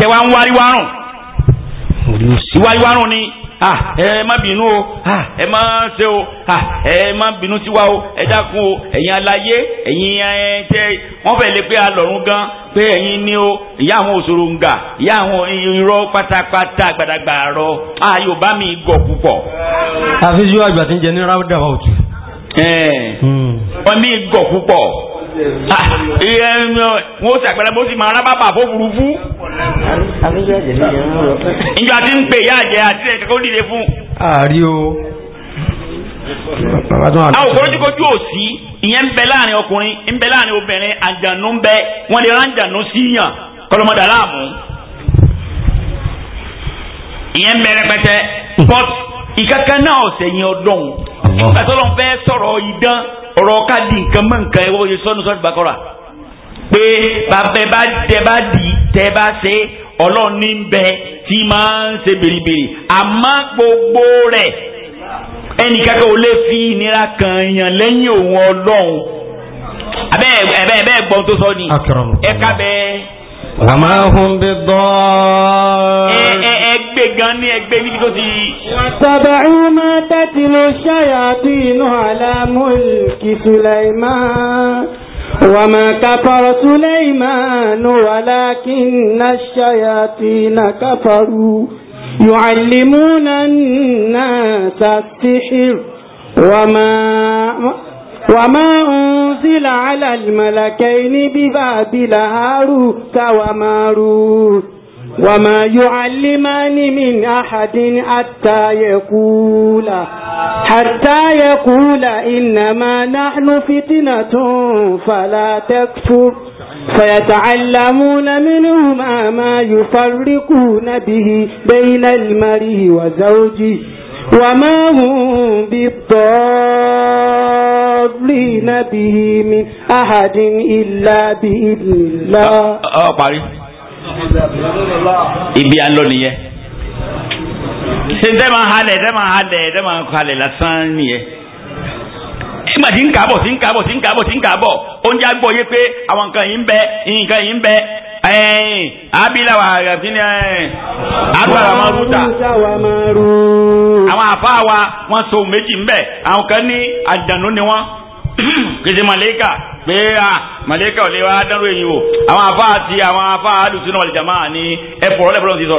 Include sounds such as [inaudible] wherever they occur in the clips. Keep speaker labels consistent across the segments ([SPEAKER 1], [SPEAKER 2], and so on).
[SPEAKER 1] tẹwa ń wárí wárùn ìwárí wárùn ni ẹ má bínú o ẹ má ṣe o ẹ má bínú tiwa o ẹ dákun o ẹ̀yin aláyé ẹ̀yin ẹ tẹ wọ́n lè pé alọ̀run gan pé ẹ̀yin ni o ìyá àwọn òṣòro ń gà ìyá àwọn irọ́ pátápátá gbàdàgbà rọ ayò bá mi gọ̀ púpọ̀. àfi yóò àgbà tí ń jẹ ní ẹ ọ ní gọ̀ púpọ̀ wọ́n sàgbẹ́rẹ́ bó sì máa rán bàbà fófurufú. ìjọ àti ń pè yá àjẹ àti ẹ̀ka kó dìde fún.
[SPEAKER 2] àárí o. a ò kọ́jú
[SPEAKER 1] kojú òsì ìyẹn ń bẹ láàrin ọkùnrin ń bẹ láàrin obìnrin àjànú ń bẹ wọ́n lè rán àjànú síyàn kọlọmọdà láàmú. ìyẹn ń bẹ rẹpẹtẹ but ìkankan náà ọ̀sẹ̀ yẹn ọdún nígbà tó lọ́n fẹ́ sọ̀rọ̀ idán ọ̀rọ̀ ká di nǹkan mọ́ nǹkan ẹ̀wọ́ oye sọ́nù sọ́nù bàkọ́rà pé bàbá bá tẹ bá dì tẹ bá ṣe ọlọ́run ní bẹ tí máa ń ṣe bèrèbèrè àmọ́ gbogbo rẹ̀ ẹnìkankan ò lè fi ìnira kan yàn lẹ́yìn òun ọlọ́run abẹ́ ẹ̀ bẹ́ẹ̀ gbọ́n tó sọ ni ẹ̀ka bẹ́ẹ̀ wàmà hùn bí dọ́ọ̀. ẹ gan ní ẹgbẹ́ níbi tó ti.
[SPEAKER 3] wàtàbà ìmọ̀ tẹ́tí ló ṣàyàtì inú àlámúlùkì Sulaiman. وما كفر سليمان ولكن الشياطين كفروا يعلمون الناس السحر وما وما أنزل على الملكين ببابل هاروت وماروت وما يعلمان من أحد حتى يقولا حتى يقولا إنما نحن فتنة فلا تكفر فيتعلمون منهما ما يفرقون به بين المرء وزوجه وما هم بالضار يضلين به من أحد إلا بإذن الله
[SPEAKER 1] ọ parí ibi à ń lọ nìyẹn ṣe ń tẹ́ máa halẹ̀ tẹ́ máa halẹ̀ tẹ́ máa halẹ̀ lásán nìyẹn nígbà tí ń kà bọ̀ tí ń kà bọ̀ ń kà bọ̀ ń kà oúnjẹ agbóye pé àwọn nǹkan yìí ń bẹ nǹkan yìí ń bẹ ẹ̀yìn abila wa kíni ẹ̀yìn agbára máa àwọn wa wọn so méjì ń àwọn kan ní àdànù ni wọ́n [clears throat] kìsì màlẹ́kà pé à màlẹ́kà ò lè wá dánrò èyí o àwọn àfa àti àwọn àfa àdùsùn náà jàmáà ní ti wáta màlẹ́kà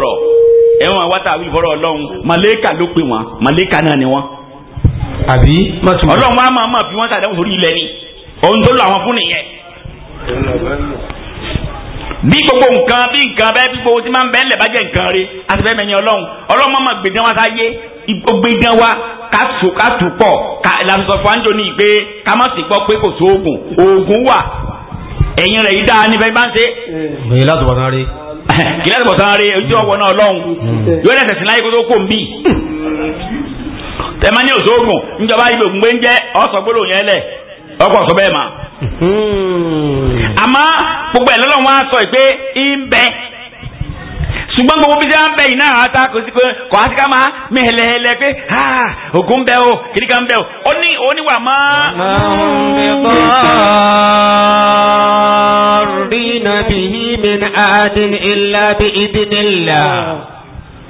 [SPEAKER 1] ló pè màlẹ́kà náà ni àbí wa máa ma fi sórí ni ohun tó lọ àwọn fún nìyẹn. bí gbogbo nǹkan bí nǹkan bẹ́ẹ̀ bí gbogbo tí máa ń bẹ́ẹ̀ lẹ̀ bá jẹ́ nǹkan rí àtẹ̀fẹ́ mẹ́yìn ọlọ́run ọlọ́run máa gbèdán wa sáyé gbèdán wa ká tù ká tù pọ̀ ká ìlànà sọ̀fọ̀ àńjọ ní ìgbé ká má sì gbọ́ pé kò sí oògùn oògùn wà ẹ̀yìn rẹ̀ yìí dáa nífẹ̀ẹ́ bá ń ṣe.
[SPEAKER 3] èyí láti bọ̀ sáré.
[SPEAKER 1] [laughs] kí láti bọ̀ sáré ojú ọwọ́ náà ọlọ́run mm. yóò rẹ̀ tẹ̀sí láyé kó tó kó ń bì. tẹ̀mání òṣoògùn níjọba ibò ń yẹn lẹ̀ ọkọ̀ sọ bẹ́ẹ̀ ma. Hmm. àmọ́ gbogbo ẹ̀ lọ́lọ́run wá sọ pé ń bẹ ṣùgbọ́n gbogbo bí sáà ń bẹ yìí náà ata kò sí kò á sí ká máa mi hẹlẹhẹlẹ pé ha ògùn ń bẹ o kìnnì kan ń bẹ o ó ní oníwà máa.
[SPEAKER 3] bihi min adin illa bi idinillah.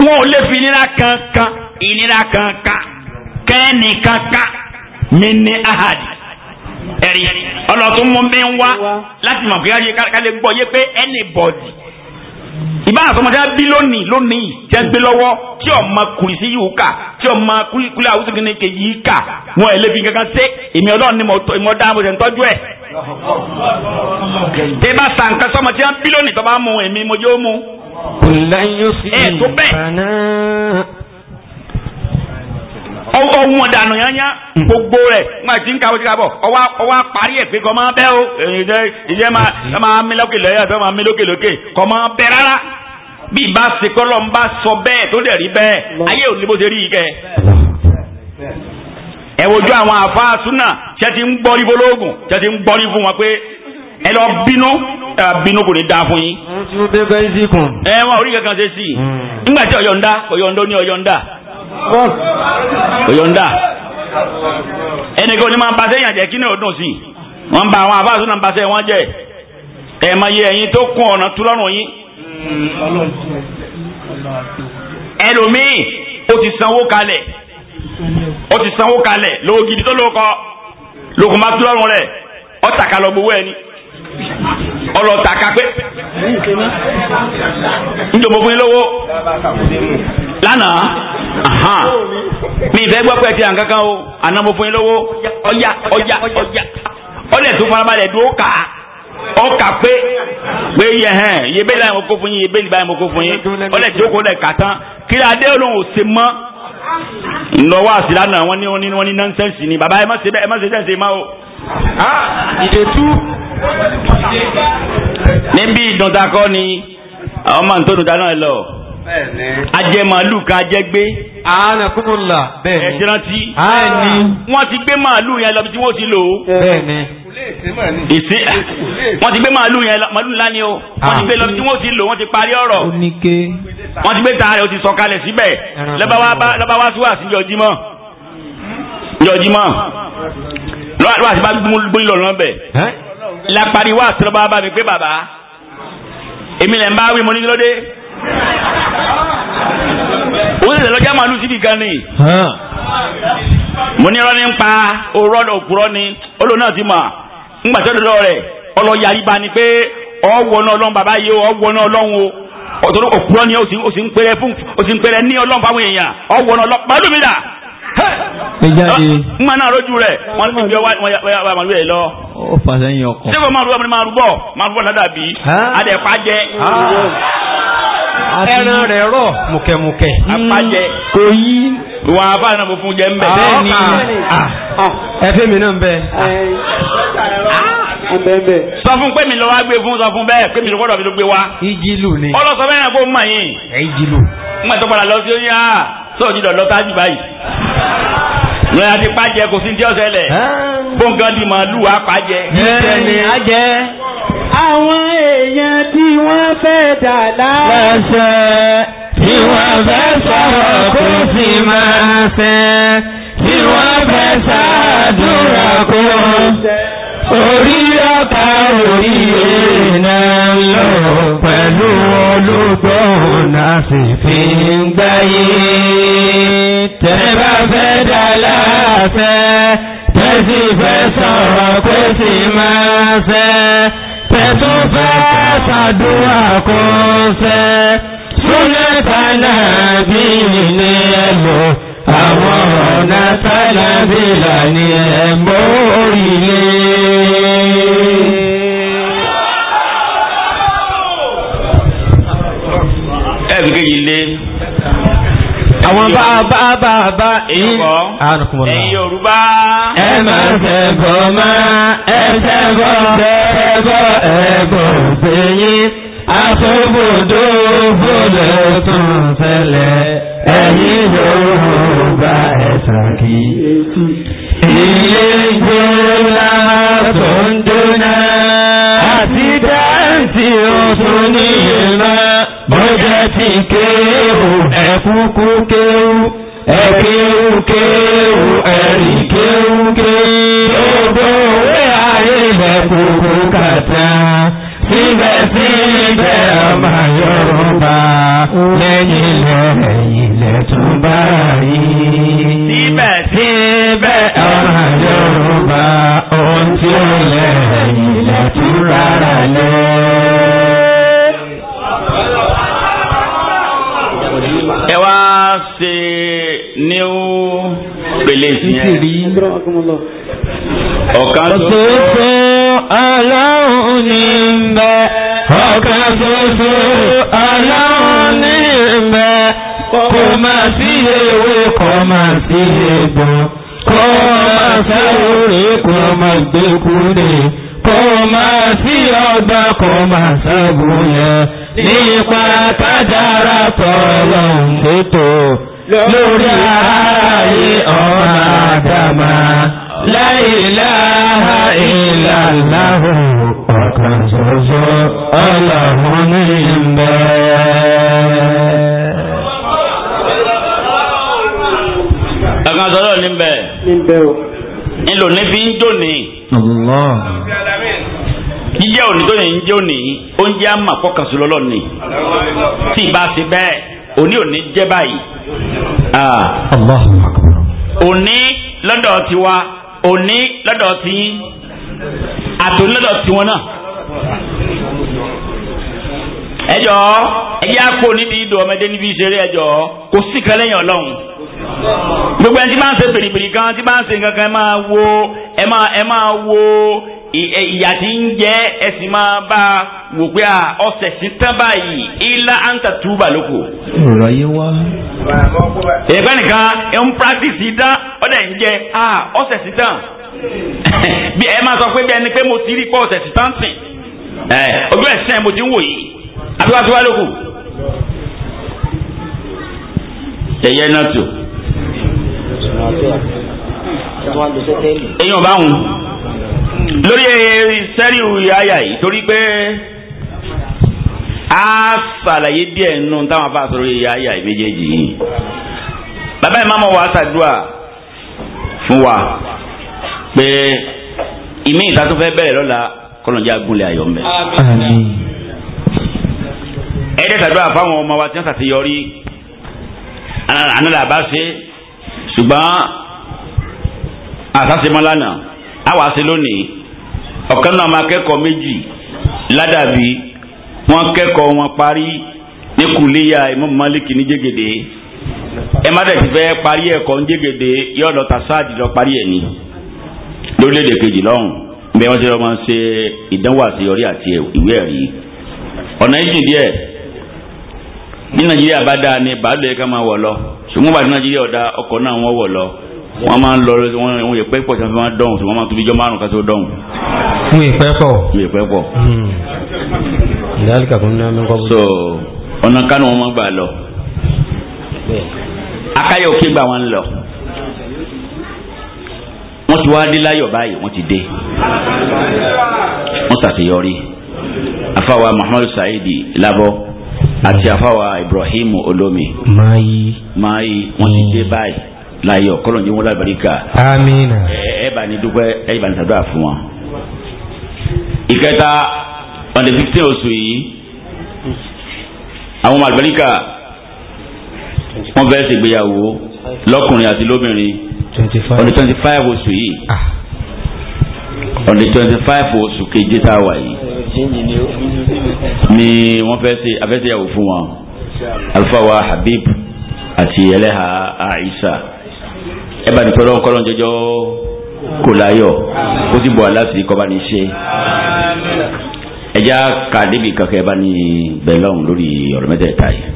[SPEAKER 1] wọn ò lè fi ìnira kankan ìnira kankan kẹ́ẹ̀nì kankan mi ní ahadi ẹ̀rí ọlọ́tún mú mi ń wá láti mọ̀ kíkà yé ká lè gbọ́ yé pé anybody ìbá àtọmọdé bí lónìí lónìí tí gbé lọ́wọ́ tí ọmọ kùrì sí yìí kà tí ọmọ kúlẹ̀ àwùjọ kìíní kejì yìí kà wọn ẹ̀ lébi kankan sé èmi ọlọ́run ni mo dá mo ṣe ń tọ́jú ẹ̀. tí bá sàn kan sọmọ bí lónìí tó bá mú èmi mo yóò mú. kùlẹ̀ yóò sì ọwọ́n dànù yányá gbogbo rẹ̀ nígbà tí ń kàwé ti kàbọ̀ ọwọ́ parí ẹ̀ pé kọ́ máa bẹ́ o ìjẹ́ máa mí lókè lọ́yà tó máa mí lókè lókè kọ́ máa bẹ́ rárá bí ìbá ṣe kọ́lọ́ ń bá sọ bẹ́ẹ̀ tó dẹ̀ rí bẹ́ẹ̀ ayé ò ní bó ṣe rí kẹ́ ẹ wojú àwọn àfáà súnà ṣe ti ń gbọ́rí fọlọ́ọ̀gùn ṣe ti ń gbọ́rí fún wọn pé ẹ lọ bínú ẹ bínú kò ní dáa fún yín. ẹ wọn orí kankan ṣe sí i hmm. nígbà tí ọ̀yọ̀ǹda ọ̀yọ̀ǹda ó ní ọ̀yọ̀ǹda kò yọ̀ǹda ẹnìkan ní máa ń basẹ́ yànjẹ́ kí ni ò dùn sí i wọ́n ń ba àwọn àbáṣọ náà ń basẹ́ wọ́n jẹ́ ẹ̀ mọ iye ẹ̀yin tó kún ọ̀nà tú lọ́rùn yín ẹlòmíì ó ti sanwó kalẹ̀ ó ti sanwó kalẹ̀ lówó tó lówó kọ lókun lọ́rùn rẹ̀ ọ̀tàkà lọ gbowó ẹni ọlọ́ta kápẹ́ nítorí mo fún yín lówó lánàá mi ìfẹ́ gbọ́ pé ti hàn kankan o àná mo fún yín lówó ọjà ọjà ọjà ọlẹ̀ tó farabalẹ̀ dúró kà á ọkà pé pé yẹ hẹn iye bẹ́ẹ̀ láyé mo kó fún yín iye bẹ́ẹ̀ báyìí mo kó fún yín ọlẹ̀ tó kó lẹ̀ kà tán kí ni adé olóhùn ò se mọ́ ńlọ wá sí lánàá wọ́n ní wọ́n ní nọ́nsẹ̀nsì ni bàbá ẹ má ṣe bẹ́ẹ̀ ẹ má ṣe sẹ́ǹsì má o ah ìdètú níbi ìdọ̀tà kọ́ ni àwọn máa ń tó dọ̀tà náà lọ ajẹmàálù kan ajẹgbé. àánà kúmùlà bẹ́ẹ̀ni ẹsẹ rántí. àánì. wọ́n ti gbé màálù yẹn lọ bí wọ́n ti lò ó. bẹ́ẹ̀ni. ìsìn ah, wọ́n ti gbé màálù yẹn lọ màálù ńlá ni o. Ah. wọ́n ti gbé lọ bí wọ́n ti lò wọ́n ti parí ọ̀rọ̀. oníke. wọ́n ti gbé ta rẹ̀ o ti sọ kalẹ̀ síbẹ̀. lọ́ba wá sí wàásù ní ọjímọ̀. ní ọjímọ̀ lọ́wọ́ àti bá gbóyè lọ́rùn náà bẹ̀. lápárí wá àti lọ́ba bá mi pé bàbá èmi lẹ̀ ń bá wí mo ní lóde. òun lè lọ́jà màálù síbi gan ni. mo ní ọ̀rọ̀ ní pa orú ọ̀dọ̀ òkúrọ̀ ni olóò náà ti mọ̀ ńgbà tó dọ̀dọ̀ rẹ̀ ọlọ́yà ibà ni pé ọ̀wọ́ náà ọlọ́run bàbá yìí ọ̀wọ́ náà ọlọ́run o òtòrò òkúrọ̀ ni ó sì ń pèrè fún ó sì ń ní ọlọ́run
[SPEAKER 2] pé jáde. n
[SPEAKER 1] ma náà rojú rẹ wọn ti bí ọwọ àmàlú ẹ lọ.
[SPEAKER 3] ó fà sẹ́yìn ọkọ̀. sẹ́kọ̀
[SPEAKER 1] máa rú ọmọdé máa rú bọ̀ máa rú bọ̀ ládàá bí. adẹ̀pá jẹ. ẹran rẹ̀ rọ̀ mùkẹ̀mùkẹ̀. apájẹ. Hmm, kò yí. wọn a bá náà mo fún jẹ ń bẹ. bẹ́ẹ̀ ni ah. Ah. ẹ fẹ́ mi náà ń bẹ. Ah. sọ fún pé mi lọ wá gbé fún sọ fún bẹ́ẹ̀ pé mi lọ gbọ́dọ̀ mi ló gbé wá. ìjìlù ni. ọlọ́sọ fẹ́ràn kó mọ̀ yín. ìjìlù. n gbàtọ́ padà lọ sí oyún sọ̀rọ̀ ní dọ̀dọ̀ tájù báyìí. ní ti pàjẹ́ kò sí ní ọ̀sẹ̀ lẹ̀ gbọ̀ngàn di màálù àpàjẹ́. bẹ́ẹ̀ni a jẹ́.
[SPEAKER 3] àwọn èèyàn tí wọ́n fẹ́ dà
[SPEAKER 2] láṣẹ tí wọ́n fẹ́ sọ̀rọ̀ kó sì máa fẹ́ tí wọ́n fẹ́ ṣàdúrà kó orí ọ̀tá orí iná lọ pẹ̀lú olùgbọ́n àti fi ń gbáyé tẹ́bà fẹ́ dà láàfẹ́ tẹ́sí fẹ́ sọ̀rọ̀ pé sì máa fẹ́ tẹ́tún fẹ́ sàdúrà kó fẹ́ súnlẹ̀ tánà bí ní ẹlò àwọn ọ̀nà tánà bí là ẹ̀mọ́
[SPEAKER 1] bàbá èyí àrùnkùnmọ̀lá. ẹ̀yin yorùbá. ẹ máa ṣẹ̀bọ̀ máa
[SPEAKER 2] ẹ ṣẹ̀bọ̀ ṣẹ̀bọ̀ ẹ̀bọ̀ ṣẹ̀yìn àfẹ́bùdó fúnlẹ̀ tún fẹ́lẹ̀ ẹ̀yin yorùbá ẹ ṣàkíyèsí. ilé ìgbé ńlá tó ń dúná àti dáńtì ọ̀tún ní ìlú bọ́jà ti kéwù ẹ̀kúkú kéwù. Ẹ̀kẹ́rùkẹ́rù ẹ̀rìkẹ́rùkẹ́ odò orí ayé ilẹ̀ kúrú kàtà. Síbẹ̀síbẹ̀ ọmọ Yorùbá lẹ́yìn ilẹ̀ ilẹ̀ tún báyìí. Síbẹ̀síbẹ̀ ọmọ Yorùbá ohun tí ó lẹ̀ ilẹ̀ tún rárá lẹ́.
[SPEAKER 1] Ẹ wá ṣe ó pèlè tiẹ̀. ọ̀kan ṣoṣo
[SPEAKER 2] ọlọ́run ní bẹ́ ọ̀kan ṣoṣo ọlọ́run ní bẹ́ kò má sí ewé kò má sí egbò kò má sáré kò má gbé kúrè kò má sí ọgbà kò má sábò yẹn nípa kájára tọ́lọ̀ ń tètò lórí ààyè ọ̀rọ̀ àdàmà láìláha ìlàláhù ọ̀kan ṣoṣo ọlọ́run ní ìbẹ̀.
[SPEAKER 1] ọ̀kan ṣoṣo níbẹ̀. níbẹ̀ o. nílò ní fi ń jò ní. jíjẹ́ òní tó yẹn ń jẹ́ òní oúnjẹ àmàpọ̀ kan ṣoṣo lọ́lọ́ ni. tí ì bá ṣe bẹ́ẹ̀ òní òní jẹ́ báyìí.
[SPEAKER 2] Ah. Allahu
[SPEAKER 3] Akbar.
[SPEAKER 1] òní lọ́dọ̀ tiwa òní lọ́dọ̀ tiyín àtò lọ́dọ̀ tiwọn náà.
[SPEAKER 2] ẹjọ́ ẹjẹ́
[SPEAKER 1] àpò nídìí ìdò ọmọdé níbi ìṣeré ẹjọ́ kò sí kan lẹ́yìn ọlọ́run gbogbo ẹni tí máa ń ṣe bèrèbèrè gan tí máa ń ṣe nǹkan kan ẹ máa wo ẹ máa wo ìyà tí ń jẹ ẹsìn máa bá wò pé a ọsẹ sí tán báyìí ilá à ń tà túbà lóko.
[SPEAKER 2] ọ̀rọ̀ ayé wá.
[SPEAKER 1] ẹ̀fẹ́ nìkan ń practice dán ọ̀dẹ̀ ń jẹ a ọsẹ sí tán [laughs] bí ẹ máa sọ pé bí ẹni pé mo ti rí pọ̀ ọsẹ sí tán ojú mo ti ń wò yìí àtúwàtúwà lóko. ẹ̀yẹ náà tó. bá wù. lórí sẹ́ríù yáyà yìí torí pé a ṣàlàyé díẹ̀ nínú táwọn afá sọ̀rọ̀ yáyà yìí méjèèjì yìí bàbá yìí máa mọ̀ wá ṣàdúrà fún wa pé ìmí ìta tó fẹ́ bẹ̀rẹ̀ lọ́la kọ́lọ́njá gúnlẹ̀ ayọ̀ ń bẹ̀. ẹ̀ẹ́dẹ̀ fáwọn ọmọ wa tí wọ́n ṣàṣeyọrí àná làbá ṣe ṣùgbọ́n àṣàṣemọ́lánà àwa ṣe lónìí ọ̀kan náà máa kẹ́kọ̀ọ́ méjì ládàbí wọ́n kẹ́kọ̀ọ́ wọn parí ní kùlíyà Imam Malik ní jégede ẹ má dẹ̀ ti fẹ́ parí ẹ̀kọ́ ní jégede yóò lọ ta sáàdì lọ parí ẹ̀ ní lórílẹ̀‐èdè kejì lọ́hùn bẹ́ẹ̀ wọ́n ti lọ́ máa ṣe ìdánwò àṣeyọrí àti ìwé ẹ̀rí ọ̀nà ìjìn díẹ̀ ní Nàìjíríà bá dáa ní bàálù yẹ máa wọ̀ lọ ṣùgbọ́n bàtí Nàìjíríà ọ̀dà ọkọ̀ náà wọ́n wọ̀ lọ wọ́n máa ń lọ wọ́n wọ́n yẹ pẹ́pọ̀ tí wọ́n fi máa dọ̀hùn tí wọ́n máa tóbi jọ márùn ká tó dọ̀hùn. wọ́n yẹ pẹ́pọ̀. wọ́n yẹ pẹ́pọ̀. Hmm. ìdálẹ́kà fún náà so ọ̀nà kánú wọn máa gbà lọ. akáyọ̀ òkè gbà wọn lọ. wọ́n ti wá dé láyọ̀ báyìí wọ́n ti dé. wọ́n ṣàṣeyọrí. àfàwà muhammadu saidi labọ àti hmm. àfàwà ibrahim olómi. máa yí. máa yí wọ́n ti dé hmm. báyìí láyọ̀ kọ́lọ̀ ní wọn lábàríkà. amiina. ẹ bá ní dúpẹ́ ẹ bá ní sàdúrà fún wọn. ìkẹta on the fifteen oṣù àwọn àlùbáríkà wọn fẹ́ẹ́ ṣègbéyàwó lọ́kùnrin àti lóbìnrin on twenty five oṣù yìí ah. on the twenty five oṣù keje tá a wà ni wọ́n fẹ́ ṣe afẹ́ṣẹ́yàwó fún wọn alfa wa habib àti ẹlẹ́hàá aisha ẹ bá ní pẹ̀lú ọkọ̀ lọ́njọ́jọ́ kò láyọ̀ kó sì bọ̀ aláṣẹ kọ́ bá ní ṣe ẹja ka débi kankan ẹ bá ní bẹ̀rẹ̀ lọ́hùn lórí ọ̀rọ̀ mẹ́tẹ̀ẹ̀ta yìí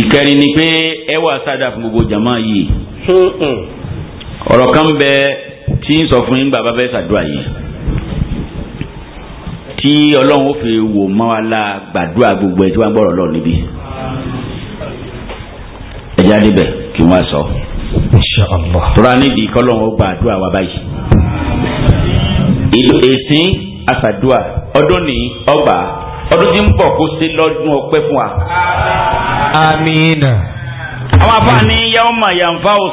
[SPEAKER 1] ìkẹrin ni pé ẹ wà sáadà fún gbogbo jama yìí ọ̀rọ̀ kan bẹ tí ń sọ fún yín bàbá fẹ́ yìí tí ọlọ́run ó fi wò mọ́ wa la gbàdúrà gbogbo ẹ tí wọ́n gbọ́rọ̀ lọ níbí ẹja débẹ̀ kí wọ́n sọ. So. tọ́ra nídìí kọ́lọ́hún gba àdúrà wa báyìí. ìlú èsìn ọdún ní ọgbà ọdún tí ń bọ̀ sí lọ́dún fún wa. amiina. àwọn afáàní yanfa ń àwọn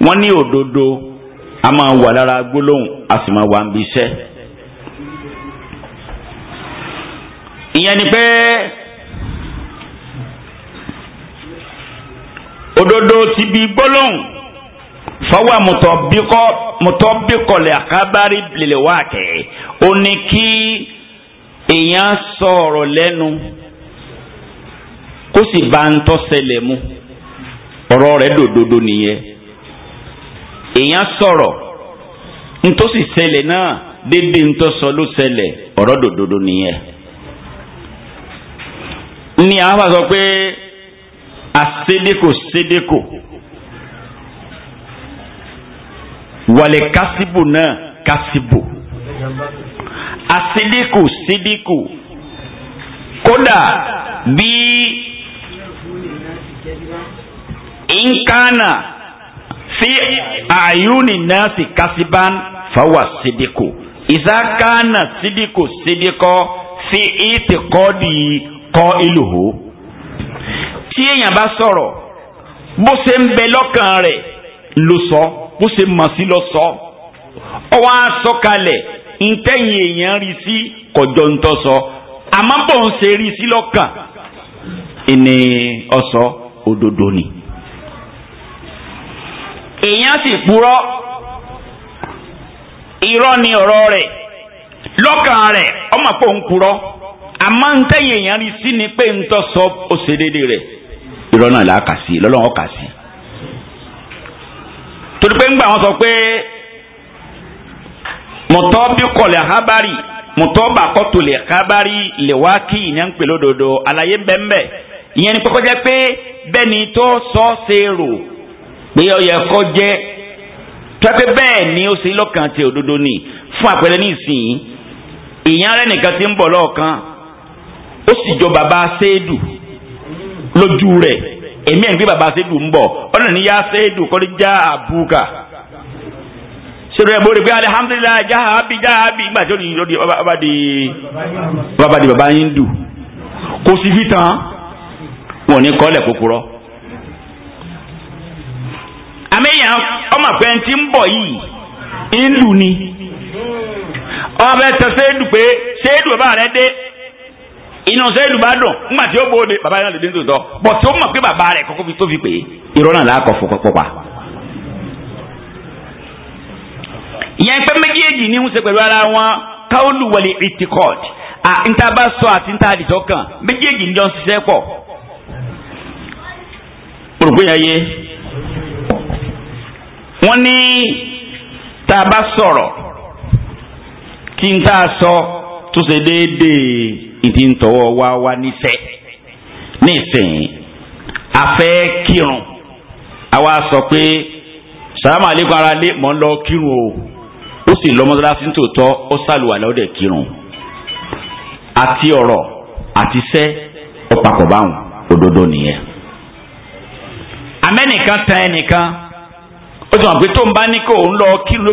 [SPEAKER 1] amali ní òdodo a máa wà lára gbólóhùn a sì ìyẹn ni pé òdodo ti bi gbólóhùn fọwọ́ mùtọ́bíkọ́ mùtọ́bíkọ́ lè àkábárí lè wá kẹ́ ó ní kí èèyàn sọ̀rọ̀ lẹ́nu kó sì bá ń tọ́sẹ̀lẹ̀ mu ọ̀rọ̀ rẹ̀ dòdodo nìyẹn èèyàn sọ̀rọ̀ ntòsí ṣẹlẹ̀ náà déédéé ntòsọ ló ṣẹlẹ̀ ọ̀rọ̀ dòdodo nìyẹn. Ni àwọn bá sọ pé asédèkò sédèkò wàlẹ̀ kásìbò náà kásìbò asédèkò sédèkò kódà bí nkánà fi àyùnì náà sì kásìbán fáwà sédèkò ìsákánà sédèkò sédèkò fi ètè kọ́ di. Kọ ìlòhó tí èèyàn bá sọ̀rọ̀ bó ṣe ń bẹ lọ́kàn rẹ̀ ló sọ bó ṣe sí lọ sọ ọ wá sọ ntẹ́yìn èèyàn rí sí kọjọ sọ àmọ́ bó ń ṣe rí sí lọ́kàn ìní ọsọ òdodo ni. èèyàn sì purọ́ irọ́ ni ọ̀rọ̀ rẹ̀ lọ́kàn rẹ̀ ọmọ pò ń àmọ́ ń tẹ̀yìn èèyàn rí sí ni pé ń tọ́ sọ ó ṣe déédéé rẹ̀ irọ́ náà là á kà sí lọ́lọ́run kà sí. torí pé ńgbà wọn sọ pé mọ̀tọ́ bí kọ̀lẹ̀ hábárì mọ̀tọ́ bà kọ́tò lè hábárì lè wá kí ìyẹn lódodo àlàyé bẹ́ẹ̀ ìyẹn ni kọ́kọ́ jẹ́ pé bẹ́ẹ̀ ni tó sọ ṣe rò pé ó yẹ jẹ́ tọ́pẹ́ bẹ́ẹ̀ ni ó ṣe lọ́kàn ti òdodo ni fún àpẹẹrẹ ní ìsìn ìyẹn rẹ̀ nìkan ti ń bọ̀ lọ́ọ̀kan ó sì jọ bàbá séèdù lójú rẹ̀ èmi ẹ̀ ń gbé bàbá séèdù ń bọ̀ ọ̀nà ní yá séèdù kọ́ni já àbúkà sọ̀rọ̀ ẹ̀ bóore pé alihamudulilayi jahabi jahabi ìgbà tí ó di lóde bàbá di bàbá di bàbá yín dù kò sí fi tán wọn ò ní kọ́lẹ̀ kókòrọ́. àmẹ́yàn ọmọ pẹ́ ti ń bọ̀ yìí ń lù ni ọmọ bẹ́ẹ̀ tẹ séèdù pé séèdù bàbá rẹ̀ dé inú sẹ́yìn bá dùn nígbà tí ó bóde bàbá yẹn náà lè dé tòótọ́ bọ̀ tí ó mọ̀ pé bàbá rẹ̀ kọ́kọ́ fi tó fi pè é irọ́ náà láàkọ́ fọpọ́ pa. ìyẹn pé méjèèjì ní ń ṣe pẹ̀lú ara wọn káwọ́lù wọlé ìtìkọ́t à níta bá sọ àti níta àdìtọ́ kan méjèèjì ń jọ ṣiṣẹ́ pọ̀. olùkọ́ yẹn yé wọ́n ní tá a bá sọ̀rọ̀ tí n tá a sọ tó ṣe déédéé. ìdí ń wá wá níṣẹ́ nísìnyí a kírun sọ pé salamu aleykum ara lé mọ̀ lọ kírun o ó sì lọ mọ́sálásí tòótọ́ ó sàlùwàlá ó dẹ̀ kírun àti ọ̀rọ̀ àti iṣẹ́ ó papọ̀ báwọn òdodo nìyẹn. amẹ́nìkan tan ẹnìkan ó pé tó ń bá ní kó ń lọ kírun ló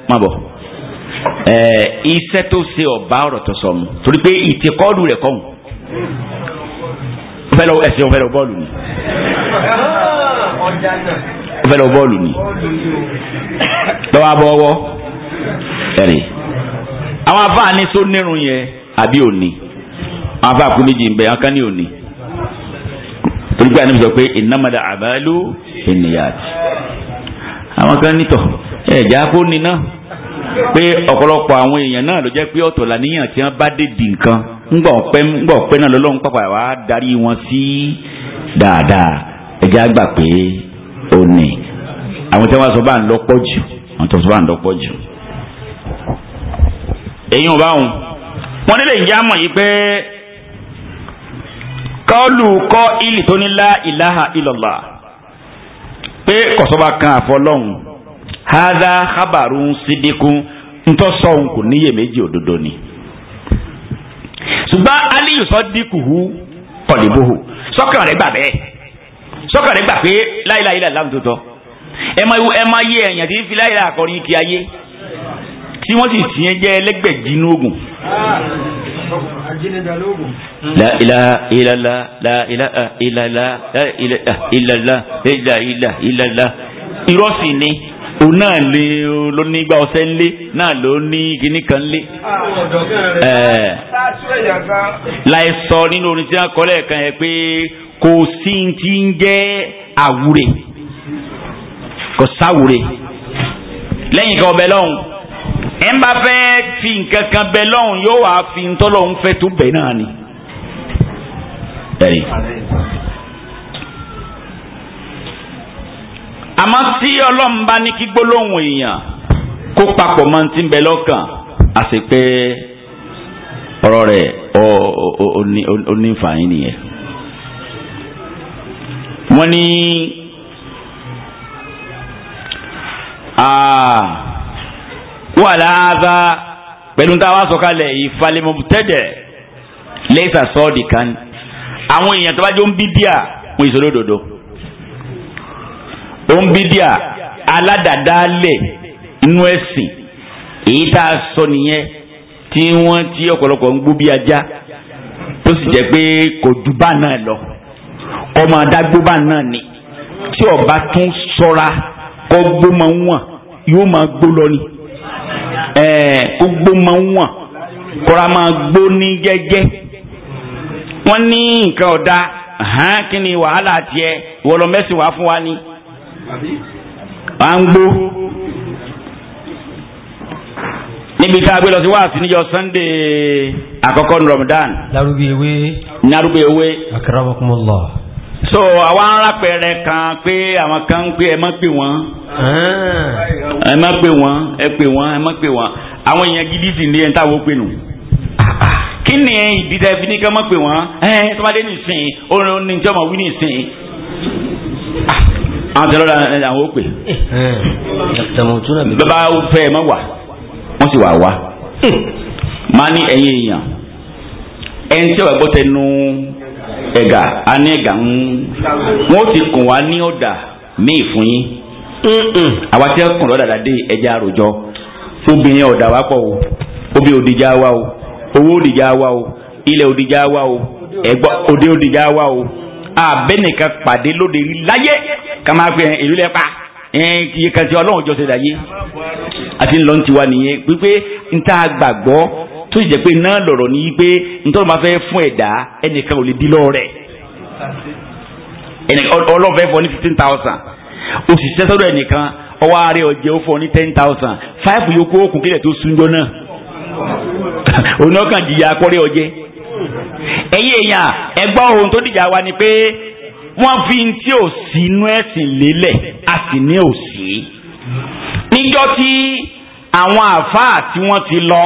[SPEAKER 1] má bọ̀ ẹ̀ẹ́ iṣẹ́ tó ṣe ọ̀bá ọ̀rọ̀ tó sọ mu torí pé ìtìkọ́ọ̀lù rẹ̀ kọ́hùn fẹ́lẹ̀ ẹ̀sìn òfẹ́lẹ̀ bọ́ọ̀lù ni òfẹ́lẹ̀ bọ́ọ̀lù ni lọ́wọ́ abọ́wọ́ ẹ̀rì àwọn afáàní só nírun yẹn àbí òní àwọn afáàkú méjì ń bẹ àwọn kan ní òní torí pé àníbi sọ pé ìnámadà àbálò ènìyàn àti àwọn kan nítọ̀ ẹ̀já kó ní náà pé ọ̀pọ̀lọpọ̀ àwọn èèyàn náà ló jẹ́ pé ọ̀tọ̀ làníyàn tí wọ́n bá dèdì nǹkan ńgbọ̀ pẹ́ ńgbọ̀ pẹ́ náà lọ́lọ́run pàpà wá darí wọn sí dáadáa ẹ̀jẹ̀ àgbà pé ó ní àwọn tí wọ́n sọ bá ń lọ́pọ̀ jù àwọn tí wọ́n sọ bá ń lọ́pọ̀ jù. èyí ò bá wọn wọn nílẹ̀ ìyá mọ̀ yìí pé kọ́ọ̀lù kọ́ ìlì tó ní lá ìlọ̀lá pé kọ̀sọ́ba kan àfọlọ́hùn hadha khabarun sidikun ntọ́sọ̀hún kò níyèméjì òdodo ni. ṣùgbọ́n aliyu sọ dikuhu kọ̀lìbóhù sọ́kàn rẹ̀ gbà bẹ́ẹ̀ sọ́kàn rẹ̀ gbà pé láyéláyé làlám tó tọ́ ẹ máa yé ẹ̀yàn tí fi láyéláyé akọrin kí ayé tí wọ́n sì tiẹ̀ jẹ́ ẹlẹ́gbẹ̀jìnú ogun. la ilaha illallah la ilaha illallah la ilaha illallah la ilaha illallah irọ́ sì ni òun náà lè ló ní igba ọsẹ ńlé náà ló ní kinní kan lé. láì sọ nínú orin tí wọn kọ lẹ́ẹ̀kan yẹn pé kò sí ti ń jẹ́ àwúre kò sáwúre lẹ́yìn kan ọbẹ̀ lọ́hùn ẹ̀ ń fi nǹkan kan bẹ lọ́hùn yóò wá fi ń tọ́lọ́hún fẹ́ tó bẹ̀ náà ni. àmọ́ tí ọlọ́run bá ní kí gbólóhùn èèyàn kó papọ̀ mọ́ ti ń bẹ lọ́kàn á sì pé ọ̀rọ̀ rẹ̀ ó ní fàáyín nìyẹn. wọ́n ní wà láàbá pẹ̀lú tá a sọ̀kalẹ̀ ìfalimọ̀tẹ́dẹ̀ lẹ́sà sọ́ọ̀dì kan àwọn èèyàn tó bá jọ ń bí díà wọ́n ìṣòro dòdò òǹbídíà aládàdálẹ̀ inú ẹ̀sìn èyí tá a sọ nìyẹn tí wọ́n ti ọ̀pọ̀lọpọ̀ ń gbó bí ajá tó sì jẹ́ pé kò ju bá náà lọ ọmọ adágbó bá náà ni tí ọba tún sọra kọ́ gbó máa ń wọ̀n yóò máa gbó lọ ni kó gbó máa ń wọ̀n kọ́ra máa gbó ní gẹ́gẹ́ wọ́n ní nǹkan ọ̀dà hàn kí ni wàhálà tiẹ̀ wọ́lọ́mẹ́sìn wàá fún wa ni à ń gbó níbi tá a gbé lọ sí wáàsí níjọ́ sunday àkọ́kọ́ ní ramadan. lárúgbó ewé. lárúgbó ewé. akramakumullah. so àwọn arápẹrẹ kan pé àwọn kan ń pé ẹ má pè wọ́n. Ah. ẹ má pè wọ́n ẹ pè wọ́n ẹ má pè wọ́n àwọn èèyàn gidi sì ní ẹni táwọn pè nù. kí ni ìdíje fi ní ká má pè wọ́n ẹ tọ́mọdé nìsín orin oníjọ́ máa wí nìsín àwọn tẹ̀lé ọ̀la àwọn òpè. bàbá fẹ́ ẹ má wà wọ́n sì wà wá. máa ní ẹ̀yin èèyàn ẹni tí wàá gbọ́ tẹnu ẹ̀gà á ní ẹ̀gà ń wọ́n ti kùn wá ní ọ̀dà míì fún yín. àwa tí kùn lọ́dà dáadé ẹja àròjọ obìnrin ọ̀dà wa pọ̀ o obì òdìjà wa o owó òdìjà wa o ilẹ̀ òdìjà wa o ẹ̀gbọ́n òdìjà wa o abẹ́nìkan pàdé lóde rí láyé ká máa fi èlú lẹ́ pa iye kan tí ọlọ́run jọ ṣe dàyé àti ńlọ ti wá nìyẹn wípé n ta gbàgbọ́ tó sì jẹ́ pé náà lọ̀rọ̀ ni pé ntọ́nà máa fẹ́ fún ẹ̀dá ẹnìkan ò lè dín lọ́ọ́ rẹ̀ fọ ní fifteen thousand òṣìṣẹ́ sọ́dọ̀ ẹnìkan ọwọ́ ààrẹ ọ̀jẹ̀ ó fọ ní ten thousand five yòókù òkùnkílẹ̀ tó sunjọ náà [laughs] òun náà kàn jìyà akọ́rẹ́ ọ̀jẹ̀ ẹ̀yin èèyàn ẹ̀gbọ́n ohun tó dìjà wa ni pé wọ́n fi ń tí ò sí inú ẹ̀sìn lélẹ̀ a sì ní ò sí. níjọ́ tí àwọn àáfàá tí wọ́n ti lọ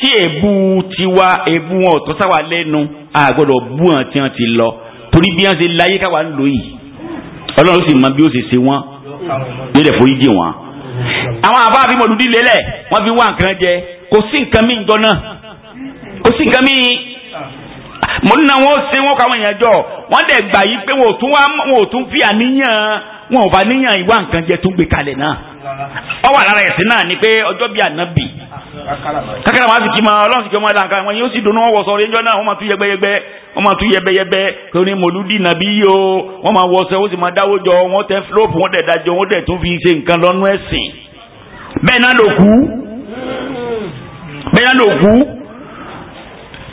[SPEAKER 1] tí èébú tiwa èébú wọn ò tọ́ sáwà lẹ́nu a gbọ́dọ̀ bú hàn tí wọ́n ti lọ torí bí wọ́n ṣe láyé káwa ń lò yìí ọlọ́run sì mọ bí ó ṣe ṣe wọ́n yóò dẹ̀ forí dì wọ́n. àwọn àáfàá fi mọ̀lúdí lélẹ̀ wọ́n fi wá nǹkan jẹ kò sí nǹkan mí ìjọ náà kò sí nǹkan mí mo ní na wọn ṣe wọn kọ àwọn èèyàn jọ wọn dẹ̀ gbà yí pé wọn ò tún wá wọn ò tún fi àníyàn wọn ò bá níyàn ìwà nǹkan jẹ tó gbé kalẹ̀ náà wà lára ẹ̀sìn náà ni pé ọjọ́ bíi ànábì ma o máa ó sì máa dáwọ́ jọ tẹ fúlọ́ọ̀pù dẹ̀ fi ṣe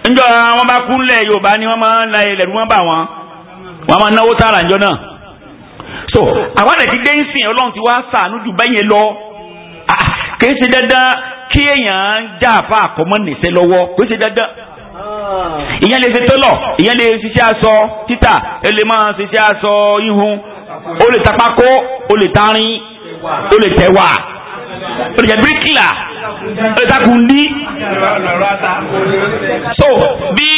[SPEAKER 1] njọ wọn bá kú yorùbá ni wọn máa ń la ilẹ̀ wọn bá wọn wọn máa náwó sára njọ náà so àwọn àdàtí dé ń sìn ọlọ́run ti wá sàánú jù bẹ́yẹn lọ ah, kìí ṣe dandan kí èèyàn já àfa àkọ́mọ́ nìṣẹ́ lọ́wọ́ kìí ṣe dandan ìyẹn lè ṣe tọ́lọ̀ ìyẹn lè ṣiṣẹ́ aṣọ títà ẹ lè máa ṣiṣẹ́ aṣọ ihun o lè tapako o lè tarin o lè tẹ̀wà olùjẹ́ bíríkìlà olùtakùndí. so bí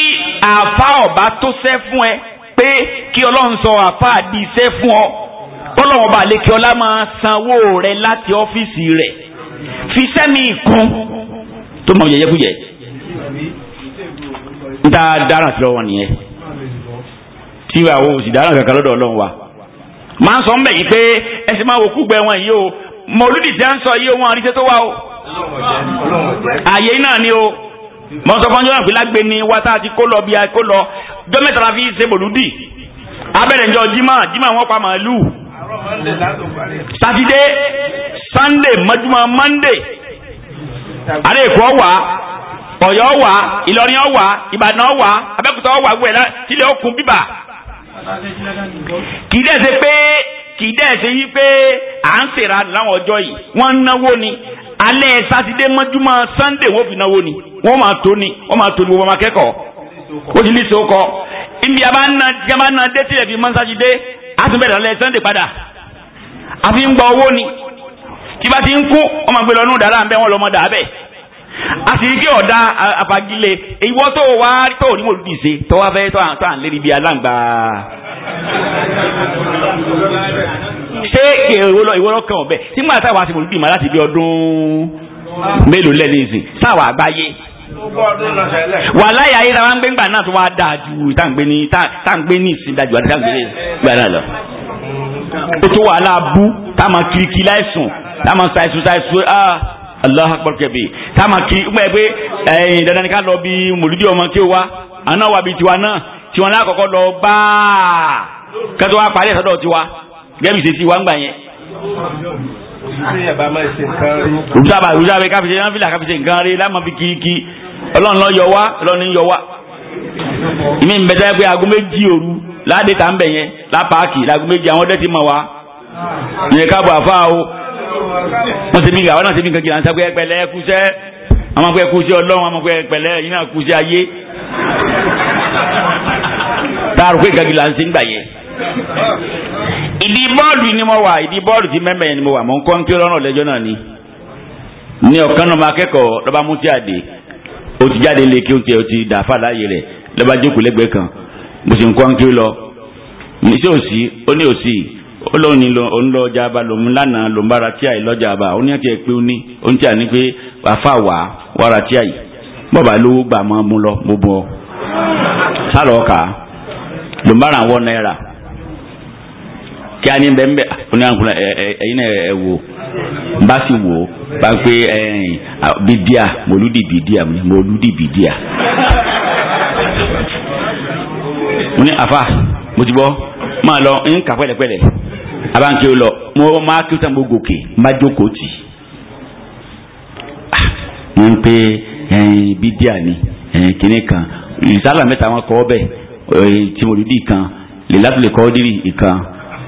[SPEAKER 1] àfa ọba tó sẹ́ fún ẹ pé kí ọlọ́run sọ àfa di iṣẹ́ fún ọ ọlọ́run ọba àlekè ọlá máa sanwó rẹ láti ọ́fíìsì rẹ̀ fi sẹ́mi ìkún tó mọ̀ yẹyẹkúyẹ nta dáràn sí lọ́wọ́ nìyẹn tí àwọn òsì dáràn kankan lọ́dọ̀ ọlọ́run wa máa ń sọ ń bẹ̀ yìí pé ẹsẹ̀ máa wò kúgbẹ́ wọn yìí o mọ̀lúdì tẹ́ ń sọ yìí ohun àríṣẹ́ tó wà o. àyè náà ni o mọ sọ fún jọ́nà pé lágbè ni wa tá a ti kó lọ bí a kó lọ jọ́ mẹ́ta la fi ṣe mọ̀lúdì abẹ́rẹ́ njọ jimá jimá wọn pa màálù. sátidé sànńdé mọ́júmọ́ mọ́ndé àrẹ èkó wà ọ̀yọ́ wà ìlọrin wà ìbàdàn wà abẹ́kúta wà wẹ̀ sílẹ̀ òkun bíbà kì í dẹ́ ṣe pé. kì í dẹ́ ṣe yí pé à ń ṣèrà láwọn ọjọ́ yìí wọ́n ń náwó ni alẹ́ sátidé mọ́júmọ́ sannde wọ́n fi náwó ni wọ́n máa tó ni wọ́n máa tó ni gbogbo akẹ́kọ̀ọ́ ó ti lè so kọ́ ibi abáná tí abáná dé tí ẹ̀fí mọ́sásídé á tún bẹ̀rẹ̀ alẹ́ sannde padà gba owó ni lọ ń bẹ́ a sì ọ̀dà àfagilé tó ṣé ìwọ́lọ́kàn ọ̀bẹ nígbà táwa ti mọ̀lúdì máa láti bí ọdún mélòó lẹ́nu ìsìn táwa àgbáyé wàhálà yà ayé táwa ń gbé ńgbà náà tó wá dáa ju tá à ń gbé ní tá à ń gbé ní ìsìn dájú àti tá ní ìgbà náà lọ. ó tó wàhálà bú tá a láìsùn tá a máa ṣàìsùn ṣàìsùn ah allah akbar kẹbi tá a máa kiri ó pẹ́ pé ẹ̀yìn dandan ni ká lọ bí mọ̀lúdì ọmọ kí wa àná wa bí tiwa náà tiwọn náà lọ bá a kẹtọ wa parí ẹsọdọ tiwa gẹbi ṣe tiwa ń gbà yẹn. rúṣàbà rúṣàbà káfi ṣe náà fìlà káfi ṣe nǹkan rí lámà fi kíkí ọlọ́run lọ yọ wá ọlọ́run yọ wá. ìmí ń bẹ́tẹ́ pé aago méjì òru láàdé tá ń bẹ̀ yẹn lápáàkì láago méjì àwọn ọdẹ ti mọ̀ wá. yẹn káàbọ̀ àfa o wọ́n ti bí àwọn náà ti bí nǹkan jìnnà sápẹ́ ẹgbẹ̀lẹ́ ẹkúṣẹ́ àwọn akpẹ́ kúṣẹ́ ọlọ́run àwọn akpẹ́ yìí náà kúṣẹ́ ayé. táàrù pé ń ṣe gbà yẹn ìdí bọ́ọ̀lù ni mo wà ìdí bọ́ọ̀lù ti mẹ́mẹ́ ni mo wà mo ń kọ́ ń pé lọ́rùn lẹ́jọ́ náà ni ní ọ̀kan náà máa kẹ́kọ̀ọ́ lọ́ba mú tí a dé o ti jáde lé kí o ti o ti dà fà láàyè rẹ̀ lọ́ba jókòó lẹ́gbẹ̀ẹ́ kan mo sì ń kọ́ ń pé lọ níṣẹ́ òsì ó ní òsì ó lóun ní òun lọ ọjà lòun lánàá lòun bá ra tí a lọ́jà àbá ó ní àti ẹ̀ pé ó ní ó ní tí a ní pé àfa wà wà ra tí a kí a ní bẹ́ẹ̀ bẹ́ẹ̀ oníyankunlẹ̀ ẹ̀yin náà ẹ̀ wò n bá sì wò bá ń pè ẹ̀yìn bídíà mòlúdì bídíà mòlúdì bídíà. mo ní àfa mo ti bọ́ máa lọ ń kà pẹ́lẹ́pẹ́lẹ́ abáǹkì lọ mo máa kí sàn gbogbo kè má jókòó tì ah, mo ń pè ẹ̀yìn bídíà ni ẹ̀yìn kìnìún kan ìsálà mẹ́ta wọn kọ́ ọ bẹ́ẹ̀ tí kan lè látòlè kọ́ ọ ìkan.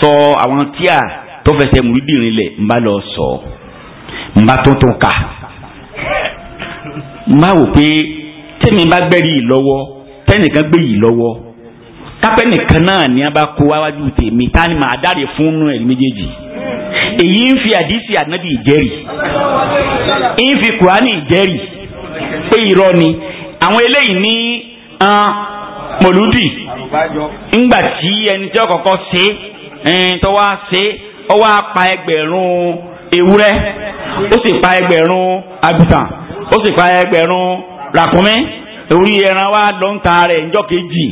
[SPEAKER 1] sọ àwọn tíà tó fẹsẹ̀ múrídìrín lẹ̀ ń bá lọ sọ ń bá tó tó kà ń bá wò pé tẹ́mi bá gbẹ́rì yìí lọ́wọ́ tẹ́nìkan gbé yìí lọ́wọ́ kápẹ́ nìkan náà ni a bá kó wáwájú tèmi tá ni màá dáre fún nù ẹ̀ méjèèjì èyí ń fi àdísì ànábì ìjẹ́rìí ń fi kùránì ìjẹ́rìí pé irọ́ ni àwọn eléyìí ní ah, mọ̀lúdì ńgbà tí ẹni tí ó kọ́kọ́ ṣe é. tó wá ṣe ó wá pa ẹgbẹ̀rún ewúrẹ́ ó sì pa ẹgbẹ̀rún aguta ó sì pa ẹgbẹ̀rún ràkúnmí orí ẹran wá dọ́ńtà rẹ̀ ńjọ́ kejì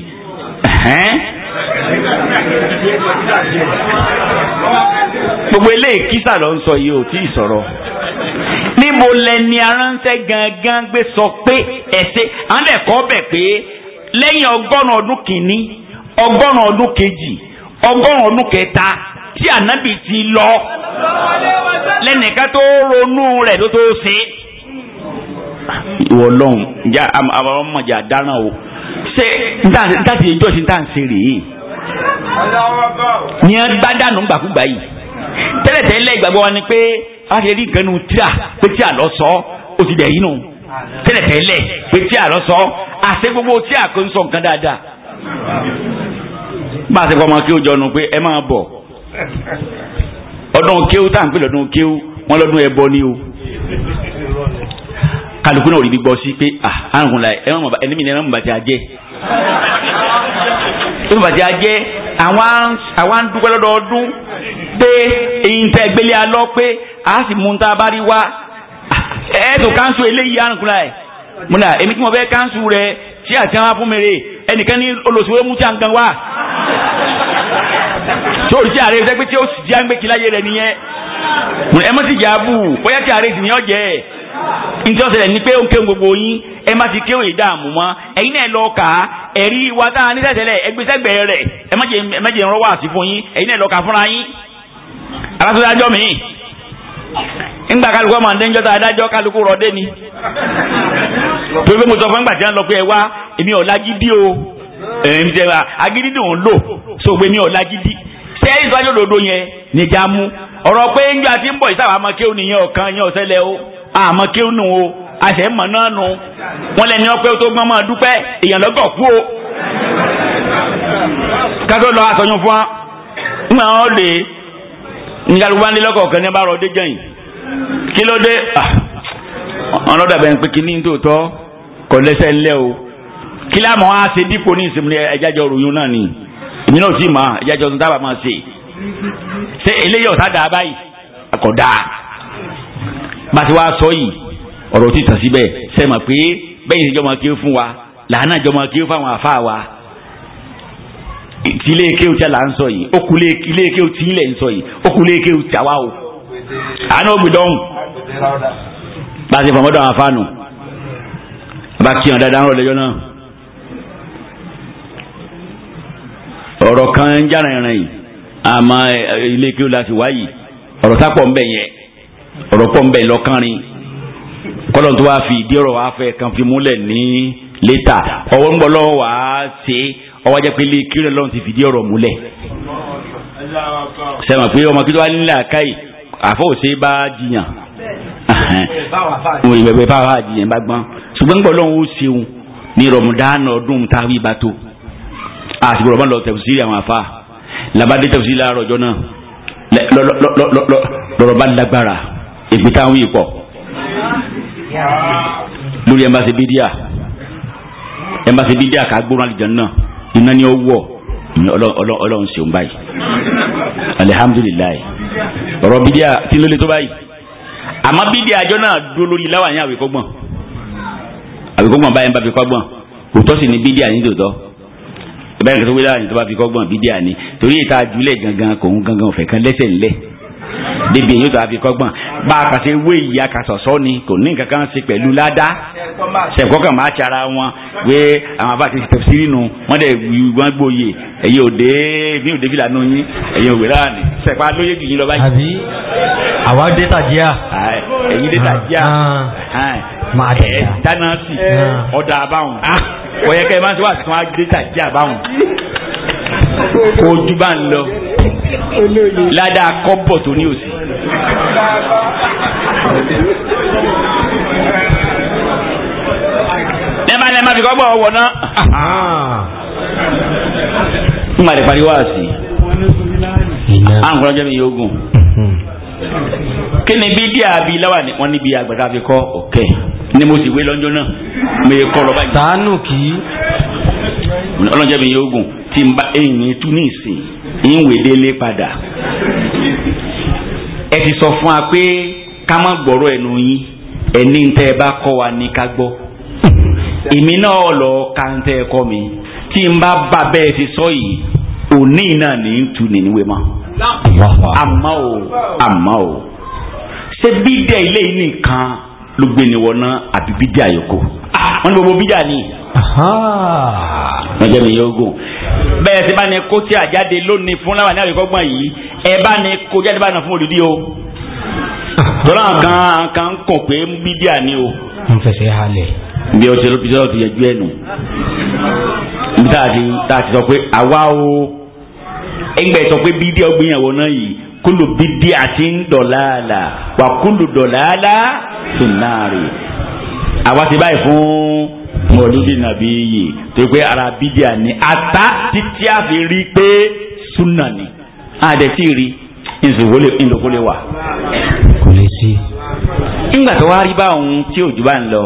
[SPEAKER 1] gbogbo eléyìí kísà ló ń sọ yìí ò tí ì sọ̀rọ̀ níbo lẹni aránṣẹ́ gangan gbé sọ pé ẹ̀sẹ̀ àwọn ẹ̀kọ́ bẹ̀ pé lẹ́yìn ọgọ́rùn-ún ọdún kìíní ọgọ́rùn-ún ọdún kejì ọgọ́rùn ọdún kẹta tí ànábì ti lọ lẹ́nìkan tó ronú rẹ̀ ló tó ṣe. ìwọ lọ́hùn ǹjẹ́ àwọn ọmọdé àdáràn o ṣé dáàtì ìjọ sí dáà ń ṣe rèé ní ẹ bá dànù gbàkúgbà yìí tẹ́lẹ̀tẹ́lẹ̀ ìgbàgbọ́ wa ni pé a ti rí nǹkan nu tíra pé tí a lọ sọ ó ti dẹ̀ yín nù tẹ́lẹ̀tẹ́lẹ̀ pé tí a lọ sọ àṣẹ gbogbo tí a kò ń sọ nǹkan dáadáa bá a ṣe fọmọ kí ó jọnu pé ẹ máa bọ̀ ọdún kéwú tá à ń pè lọ́dún kéwú wọ́n lọ́dún ẹbọ ni o kálukú náà ò rí bí gbọ́ sí pé àrùn la ẹ má ẹni mi ni ẹ má bàtí ajẹ́ ẹ má bàtí ajẹ́ àwa ń dúpẹ́ lọ́dọọdún pé eyín tẹ gbélé alọ́ pé a sì mú un tá a bá rí wá ẹ tó kánṣu eléyìí àrùn la ẹ mo ní à èmi tí mo fẹ́ kánṣu rẹ tí àti àwọn afúnmere ẹnìkan ní olùsòwò mú tí a ń gan wá sórí tí ààrẹ sẹgbẹ tí ó sì di àgbẹkì láyé rẹ nìyẹn ẹ má ti jà á bù bóyá tí ààrẹ sì ní ọjẹ ẹ ntí wọ́n ṣẹlẹ̀ ní pé o ń kéwọn gbogbo yín ẹ má ti kéwọn ìdààmú mọ́ ẹ̀yin náà lọ kà á ẹ̀rí wa tá a ní sẹ̀sẹ̀lẹ̀ ẹgbẹ́sẹ̀gbẹ́ rẹ̀ ẹ má jẹ ẹ má jẹ ìrànwọ́ àti fún yín ẹ̀yin náà lọ kà fúnra yín. alásọ̀rọ̀ adájọ́ mi ńgbà kálukú ọmọ àdéjọ́ tá adájọ́ kálukú torí pé mo sọ fún gbàtí wọn lọ pé ẹ wá èmi ò o èmi jẹ agídí ni òun lò so pé mi ò lágídí ṣé ìsọjú òdodo yẹn nìjà mú ọ̀rọ̀ pé ń gbà tí ń bọ̀ ìsáwà àmọ́ kéwù nìyẹn ọ̀kan yẹn ọ̀sẹ̀lẹ̀ o àmọ́ kéwù nù o àṣẹ mọ̀ náà nù wọn lẹ́ni ọpẹ́ tó gbọ́n máa dúpẹ́ èèyàn lọ́gọ̀ kú o kátó lọ aṣọyún fún wa ń gbà wọn lè nígbà tó bá lé lọ́kọ̀ọ̀kan ní abáró ọdẹ jẹ́yìn kí ló dé. Ah wọn lọ́dọ̀ bẹ́ẹ̀ ń pé kíní tó tọ́ kò lẹ́sẹ̀ ńlẹ́ o kí láàmú wa ṣe dípò ní ìsinmi ẹ̀jájọ́ ròyìn náà ni èmi náà ò tí ì mọ̀ ẹ̀jájọ́ tó dábàá máa ṣe ṣe eléyìí ọ̀tá dáa báyìí kò dáa bá ti wá sọ yìí ọ̀rọ̀ ti tàn síbẹ̀ ṣe mọ̀ pé bẹ́ẹ̀ ìṣèjọ́ máa kí fún wa làánà ìjọ máa kí fún àwọn àfa wa ti ilé eke tí a là ń sọ yìí ó kú ilé eke tí ilẹ̀ ń sọ yìí ó kú ilé tí a wá o àánú ògbìdọ́hùn bá a ti fọmọdọ àwọn afáànù bá a kí hàn dáadáa ń rọlẹ́jọ́ náà ọ̀rọ̀ kan ń jára ìrìn yìí àmọ́ eh, ilé kí ó la ti wá yìí ọ̀rọ̀ sápọ̀ ń bẹ̀ yẹn ọ̀rọ̀ pọ̀ ń bẹ̀ lọ́kànrin kọ́lọ̀ tó wá fi ìdí ọ̀rọ̀ wá fẹ́ kan fi múlẹ̀ ní létà ọwọ́ ń bọ̀ lọ́wọ́ wá ṣe ọwọ́ jẹ́ pé ilé kí ó lọ́run ti fi ìdí ọ̀rọ̀ múlẹ̀ sẹ́wọ̀n pé ọmọ kí ló wá nílẹ̀ àkáyì àfọwọ́sẹ́ bá jiyàn mo rí bẹ́ẹ̀ báwa àjì yẹn bá gbọ́n ṣùgbọ́n gbọ́ lọ́hún ó ṣeun ní rọ̀mùdánù ọdún tá a wí bá tó àsìkò rọ̀mùdánù lọ tẹ̀síìrì àwọn àfa làbádé tẹ̀síìrì láàárọ̀ ọjọ́ náà lọ́rọ̀ bá lágbára èpè táwọn yìí pọ̀ lórí ẹ̀ ń bá ṣe bídíà ẹ̀ ń bá ṣe bídíà ká gbóná àlìjọ́ náà iná ni ó wọ̀ ọlọ́run ṣeun báyìí alihamdulilayi ọ̀rọ̀ bídíà kí ló lè tó báyìí àmọ́ bídí àjọ náà dúró lórí láwọn àyàn àwìkọ́gbọ̀n àwìkọ́gbọ̀n báyẹn bá fi kọ́gbọ̀n òótọ́ sì ni bídí àní tòótọ́ ìbáraẹnìkan tó wí láwọn àyàn tó bá fi kọ́gbọ̀n bídí àní torí ìta àjùlẹ̀ gangan kò ń gangan òfẹ́ kan lẹ́sẹ̀ ńlẹ̀ débi èyí tó a fi kọ́gbọ́n bá a kà sí wé ìyá ka sọ̀sọ́ ni kò ní nǹkan kan ṣe pẹ̀lú ládá ṣẹ̀kọ́ kan máa ti ara wọn wé àwọn afá ti tẹ̀sí nínú wọ́n dẹ̀ wọ́n gbóyè ẹ̀yin òde mi òde fìlà nù yín ẹ̀yin òwe náà ni ṣẹ̀pá lóye jù yín lọ báyìí. àbí àwa dé tàjíà. ẹ̀yin dé tàjíà. Ah, ah. máa dẹ̀ ẹ̀ dáná sí ah. ọ̀dà àbáwọn kọ̀yẹ́kẹ́ máa ń sọ wà sí wọn dé tàjíà àbáwọn kó ojú bá ń lọ. Lada kọ́bọ̀ tó ní òsì. lẹ́ẹ̀ma lẹ́ẹ̀ma fi kọ́bọ̀ wọ̀ náà. n ma lè pariwo àsì. à ń kọ́ lọ́jọ́ mi yóò gùn. kí ni bí díà bí láwà ni wọ́n níbi àgbàdo àfi kọ́ òkè ni mo sì wé lọ́jọ́ náà mo yẹ kọ́ lọ́ba yìí. tàánù kì í. ọlọ́jọ́ mi yóò gùn tí n bá ẹ̀yìn tún ní ìsìn ìwé délé padà ẹ ti sọ fún wa pé ká má gbọ́rọ̀ ẹnu yín ẹni tẹ́ ẹ bá kọ́ wa ní ká gbọ́ èmi náà lọ ka ń tẹ́ ẹ kọ́ mi tí n bá bá bẹ́ẹ̀ ti sọ yìí òní náà ní í tu nìníwé mọ́ àmọ́ o àmọ́ o ṣé bídẹ̀ ilé yìí nìkan ló gbé ni wọ́n ná àbí bídẹ̀ àyọkọ́ wọ́n ní gbogbo bídẹ̀ ni lọ́jọ́ mi yóò gùn bẹ́ẹ̀ sì bá ní kó tí a jáde lónìí fún láwọn ní àríkọ́gbọ̀n yìí ẹ bá ní kó jáde bá ní fún olùdí o tọ́lá kan kan kàn pé bídíà ni o. n fẹsẹ̀ halẹ̀. bí o ti bí o ti yẹjú ẹ nù bí tá a ti tá a ti sọ pé àwa o ẹgbẹ́ sọ pé bídíà ọgbìyànwó náà yìí kúlù bídíà ti ń dọ̀làlà wà kúlù dọ̀làlà fìnnárì àwa ti báyìí fún mọ̀lúdì nàbí yìí tó pé ara bídíà ni ata títí a fi rí pé súnà ni àdẹ̀tí rí ìlòkó lè wà. kò lè sí. nígbà tó wá rí bá òun tí òjò bá ń lọ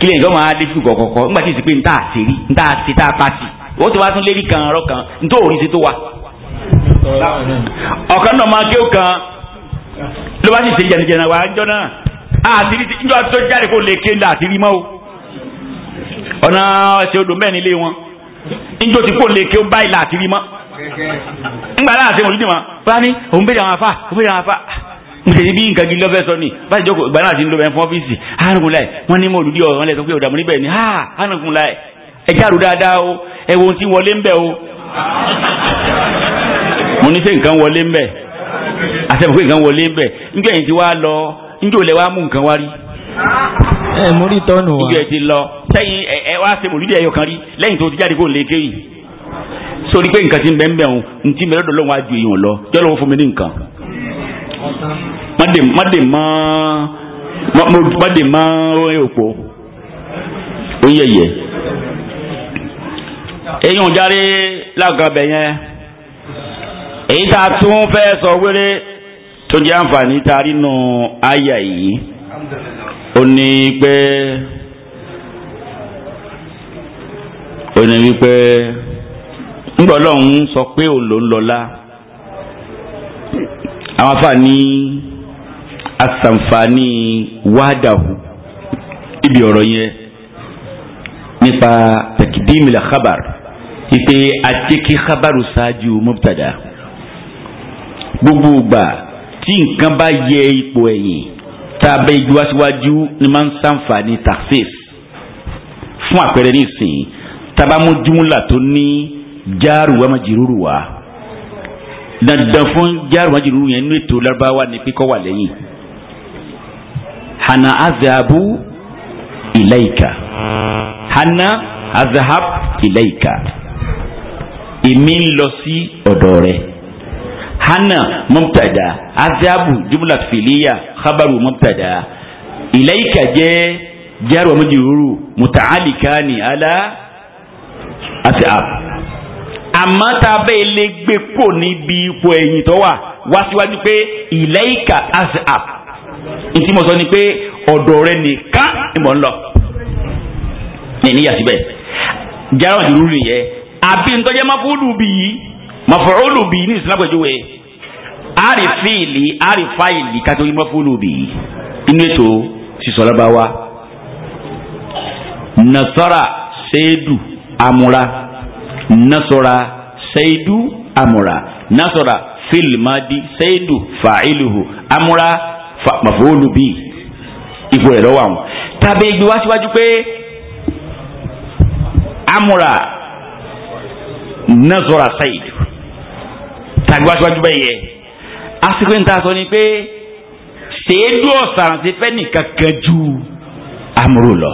[SPEAKER 1] kí lè jọ́ máa défù kọ̀kọ̀kọ̀ nígbà tí ìsìnkú ń tà sí rí ń tà sí tá a pa sí wọ́n tó wá tún lérí kan ọ̀rọ̀ kan ń tó òrí tó wà. ọ̀kan náà máa kéwò kan ló bá sì ṣe jẹnijẹni wa ń jọ náà àti ní ti ń tó jáde kó lè ké ńlá àti rí mọ́ o ọ̀nà ẹsẹ̀ odò mẹ́rin lé wọn njó ti kó lè kí ó báyìí láti rí mọ́ ngbà láti mọ̀ lójúmọ́ bá ní òun bèrè àwọn afá òun bèrè àwọn afá nítorí bí nǹkan gidi lọ́fẹ́ sọ ni báyìí jókòó ìgbà náà ti ń lọ bẹ́ẹ̀ fún ọ́fíìsì hánukun láì wọ́n ní mo lùdí ọ̀rọ̀ wọn lẹ́sọ pé ọ̀dàmú níbẹ̀ ni hánukun láì ẹ jáàrú dáadáa o ẹ wo ohun tí wọlé ń bẹ̀ o. mo ní sẹ́ nǹkan wọlé ń bẹ̀ àṣẹ mọ̀ pé nǹkan wọlé ń bẹ̀ níjọ́ yìí ti wá lọ níjọ́ lẹ wá mú nǹkan wá rí ẹ̀múrí tọ́nù wa. ibi ẹ̀ ti lọ sẹ́yìn ẹ wá ṣe mòlúdì ẹ̀yọ kan rí lẹ́yìn tó ti jáde kó lè kéyìn. sori pé nǹkan ti ń bẹ́ẹ̀ bẹ́ẹ̀ o n ti mẹ́lẹ́dọ̀ lọ́wọ́ á èèyàn lọ jọ́ fún mi ní nǹkan. mọ́dé mọ́dé mọ́ mọ́dé mọ́ òpó ó yẹ èèyàn járe lágàbẹ̀ yẹn èyí tá a tún fẹ́ sọ wéré tó jẹ́ àǹfààní tá a rí nù àyà yìí ó pe? pé ó ní wípé ńgbọ́ lọ́hún sọ pé òun ló ń lọ́lá àwọn afáàní asànfààní wádàhù ibi ọ̀rọ̀ yẹn nípa tẹkidíìmì la khabar ipe àtikí khabaru ṣáájú mubtada gbogbo ìgbà tí nǹkan bá yẹ ipò ẹ̀yìn tá a bẹ ju aṣíwájú ni máa ń sàǹfààní tafsir fún àpẹẹrẹ nísìnyí tabamu jumla tó ní jaaru wa majururu wa dandan fún jaaru wa majururu yẹn nínú ètò Lárúbáwá ni pé kọ́ wà lẹ́yìn hana azabu ilaika hana azahab ilaika èmi ń lọ sí ọ̀dọ̀ rẹ̀ hana mubtada azabu jumla filiya khabaru mubtada ilaika jẹ́ jaru majruru muta'alikani ala asab àmọ́ tá a bẹ́ẹ̀ lè gbé kò níbi ipò ẹ̀yìn tó wà wá síwájú pé ilaika asab ntí mo sọ ni pé ọ̀dọ̀ rẹ nìkan ni mò ń lọ ní ìníyà síbẹ̀ jaru majruru nìyẹn àbí ntọ́jẹ́ máa fúdù bì yìí mọ̀fọ́lù bíi ní ìsìlámù ẹ̀jọ̀wé àrífìlì àrífàìlì kátólì mọ̀fọ́lù bíi inú ètò sísọ̀lábáwá nasara seidu amura nasara seidu amura nasara filimadi seidu fa'iluhu amura fa mọ̀fọ́lù bíi ipò ẹ̀rọ wà wọn tàbí ibi wá síwájú pé amura nasara seidu tàbí wáṣíwájú bẹ́ẹ̀ yẹ àsìkò yìí ta sọ ni pé ṣèédú ọ̀sán ti fẹ́ nìkan kan ju amúrò lọ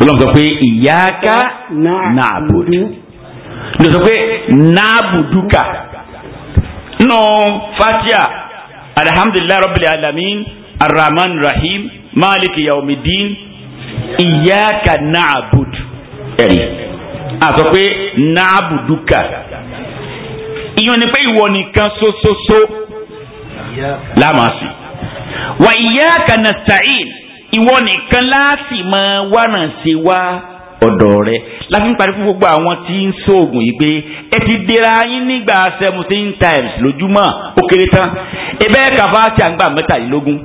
[SPEAKER 1] olóòtú sọ pé ìyáàká nàbùdù ló sọ pé nàbùdùkà nù fatia alhamdulilayi rabbil alamin arrahman rahim maliki yaumidin ìyáàká nàbùdù ẹ̀rí a sọ pé nàbùdùkà ìyọ́n ni pé ìwọ nìkan ṣoṣoṣo lámàsì wà iyyaka nasta'in ìwọ nìkan láàsì máa wánà sí wá ọ̀dọ̀ rẹ láti ń parí fún gbogbo àwọn tí ń sóògùn yìí pé ẹ ti dira yín nígbà seventeen times lójúmọ́ ó kéré tán ebe kàfá tí a ń gbà mẹ́tàlélógún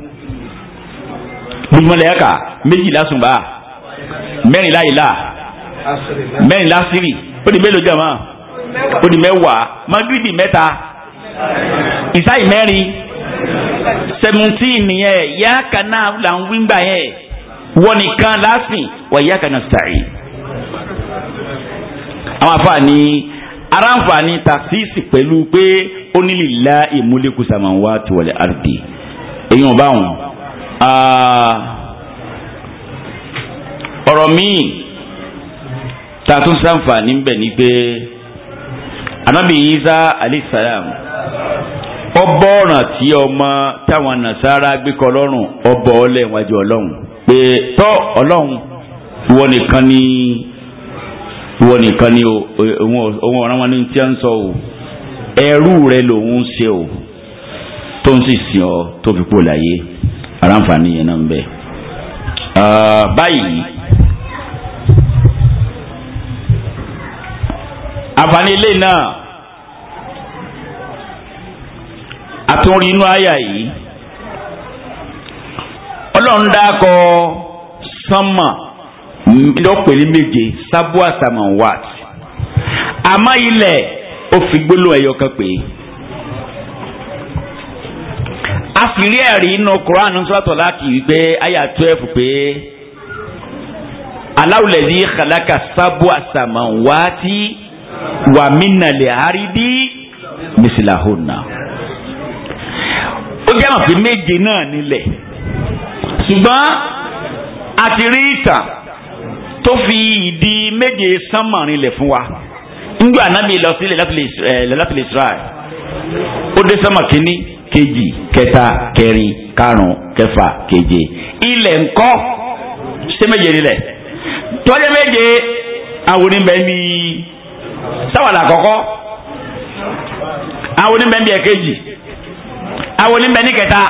[SPEAKER 1] lójúmọ́ lẹ́yìn ká méjìlá sùnbà mẹ́rìnlá ìlà mẹ́rìnlá sírì ó di mélòó jàmá ó di mẹ́wàá magribi mẹ́ta ìsáyì mẹ́rin seventeen yẹn yáàkà náà là ń wí gbà yẹn wọ́n nìkan láàfin wà yáàkà náà sàì. àwọn àǹfààní ara àǹfààní tàṣíìsì pẹ̀lú pé ó nílì la ìmúlẹ̀kùsàmọ̀ wá tiwọlé àrùdì èyí wọn bá wọn. ọ̀rọ̀ míì tàtúnṣàǹfààní ń bẹ ni pé anabi isa alayisalaam ọbọ ọ̀ràn tí ọmọ táwọn nasara gbé kọ lọ́rùn ọbọ ọlẹ́wájú ọlọ́run pé tọ́ ọlọ́run ìwọ nìkan ni ìwọ nìkan ni òun ọ̀ràn wọn ní tí a ń sọ o ẹrú rẹ lòun ṣe o tó ń sì sìn ọ tó fi kú láyé ara ń náà ń bẹ. Ah, báyìí. àǹfààní ilé náà àtúnrí inú àyà yìí ọlọ́run dákọ sánmà lọ́pẹ̀ ní méje sábú àtàmọ̀ wàt àmọ́ ilẹ̀ ó fi gbólóhùn ẹ̀yọ kan pè é a sì rí ẹ̀rí inú Quran sọ́tọ̀ láti wípé àyà twelve pé aláwùlẹ̀ ní kàlákà sábú àtàmọ̀ wàtí wà mínà lè àrídí mísìláhùnà. ó jẹ́ àmọ̀ pé méje náà nílẹ̀ ṣùgbọ́n a ti rí ìtàn tó fi ìdí méje sánmà rinlẹ̀ fún wa nígbà anábì lọ sílẹ̀ láti lè eh, Israel ó dé sánmà kínní kejì kẹta kẹrin karùn kẹfà keje ilẹ̀ ńkọ́ ṣé méje nílẹ̀ tọ́jú méje àwọn onímọ̀ ẹni sáwàlà àkọ́kọ́ àwọn oníbẹ̀ ń bí ẹ̀kejì àwọn oníbẹ̀ ní kẹta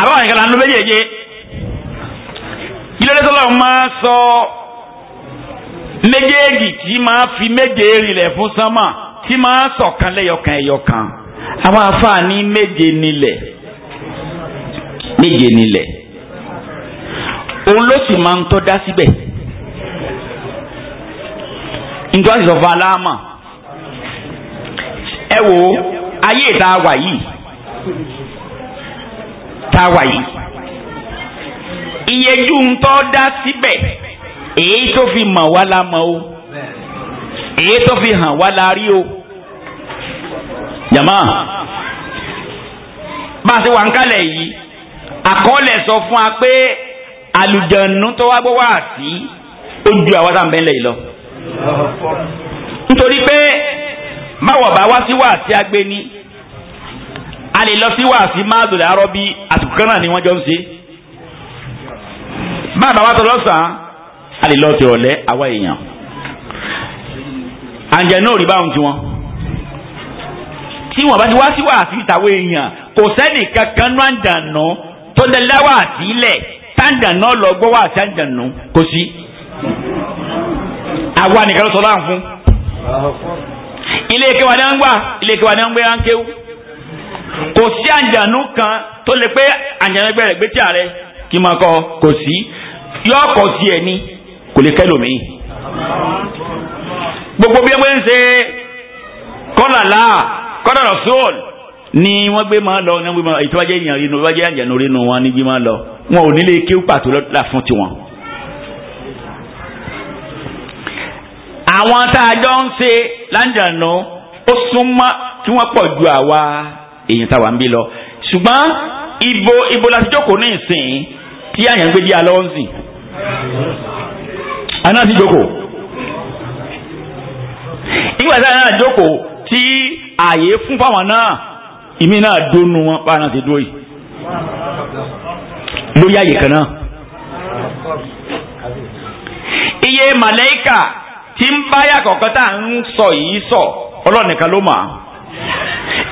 [SPEAKER 1] àbáwọn ìkàlà ń lo méjèèjì ilé tọ́lọ̀ máa sọ méjèèjì tí máa fi méje rìnlẹ̀ fún sánmà tí máa sọ̀kan lẹ́yọkan ẹ̀yọkan àwọn afáàní méje nílẹ̀ méje nílẹ̀ òun ló sì máa ń tọ́ dá síbẹ̀. Si njọ́ sì sọ fún aláàmà ẹ wo ayé tá a wà yìí tá a wà yìí iyejú ń tọ́ dá síbẹ̀ èyí tó fi mọ̀ wá la mọ̀ o èyí tó fi hàn wá la o jàmá bá a ṣe wà ń kálẹ̀ yìí àkọọ́lẹ̀ sọ fún wa pé àlùjànnú tó wá gbọ́ wá sí ojú àwọn tá à lọ nítorí pé báwọ̀ bá wá sí wàásí agbéni a lè lọ sí wàásí máàdùn àárọ̀ bí àsìkò kan náà ni wọ́n jọ ń ṣe báà bá wá tọ lọ́sàn-án a lè lọ sí ọ̀lẹ́ àwa èèyàn àǹjẹ̀ náà rí báwọn tiwọn tí wọn bá ti wá sí wàásí ìtàwé èèyàn kò sẹ́nì kankan náà dànù tó lẹ́láwà sílẹ̀ tá dànù lọ gbọ́ wàásí àǹjẹ̀ nù kò sí àwa nìkan ló sọ láǹ fún. ilé kéwà ni à ń gbà ilé kéwà ni à ń gbé à ń kéwù. kò sí àǹjànú kan tó lè pé àǹjànú ẹgbẹ́ rẹ̀ gbé tí ààrẹ kí máa kọ kò sí yọ ọkọ̀ tiẹ̀ ni kò lè kẹ́lòmíì. gbogbo bí wọ́n ń ṣe kọ́làlá kọ́là rasul ni wọ́n gbé máa lọ ní wọ́n gbé máa ìtọ́jú èèyàn rí nu ìtọ́jú àǹjànú rí wọn ní gbé máa lọ wọn ò nílé kéwù pàtó lọ́dà tiwọn. àwọn tá a jọ ń ṣe láǹdàánú ó súnmọ́ kí wọ́n pọ̀ ju àwa èèyàn táwa ń bí lọ ṣùgbọ́n ibo ibo la ti jókòó ní ìsìn tí àyàn ń gbé díà lọ́wọ́ ń sìn àná ti jókòó nígbà tí àyàn náà jókòó tí ààyè fún fáwọn náà ìmí náà dónú wọn báwọn náà ti dúró yìí lórí àyè kan náà iye màlẹ́kà tí ń báyà kọ̀ọ̀kan tá à ń sọ yìí sọ ọlọ́run nìkan ló mọ̀ á.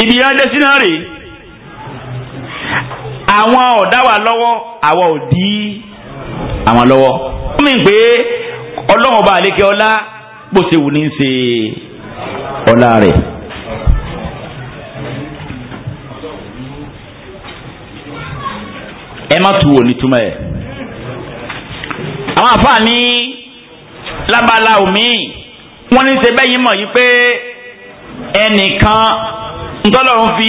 [SPEAKER 1] ibi ìran dẹ́sí náà rèé àwọn ọ̀dá wa lọ́wọ́ àwọn òdí àwọn lọ́wọ́. ó mi pé ọlọ́run ọba àlékè ọlá bó ṣe wù ní í ṣe ọlá rẹ̀. ẹ má tu wò ní túmọ̀ ẹ̀. àwọn àfáà ní. lábala omi wọn ní ṣe bẹ́yìn mọ̀ yìí pé ẹnìkan ntọ́lọ́run fi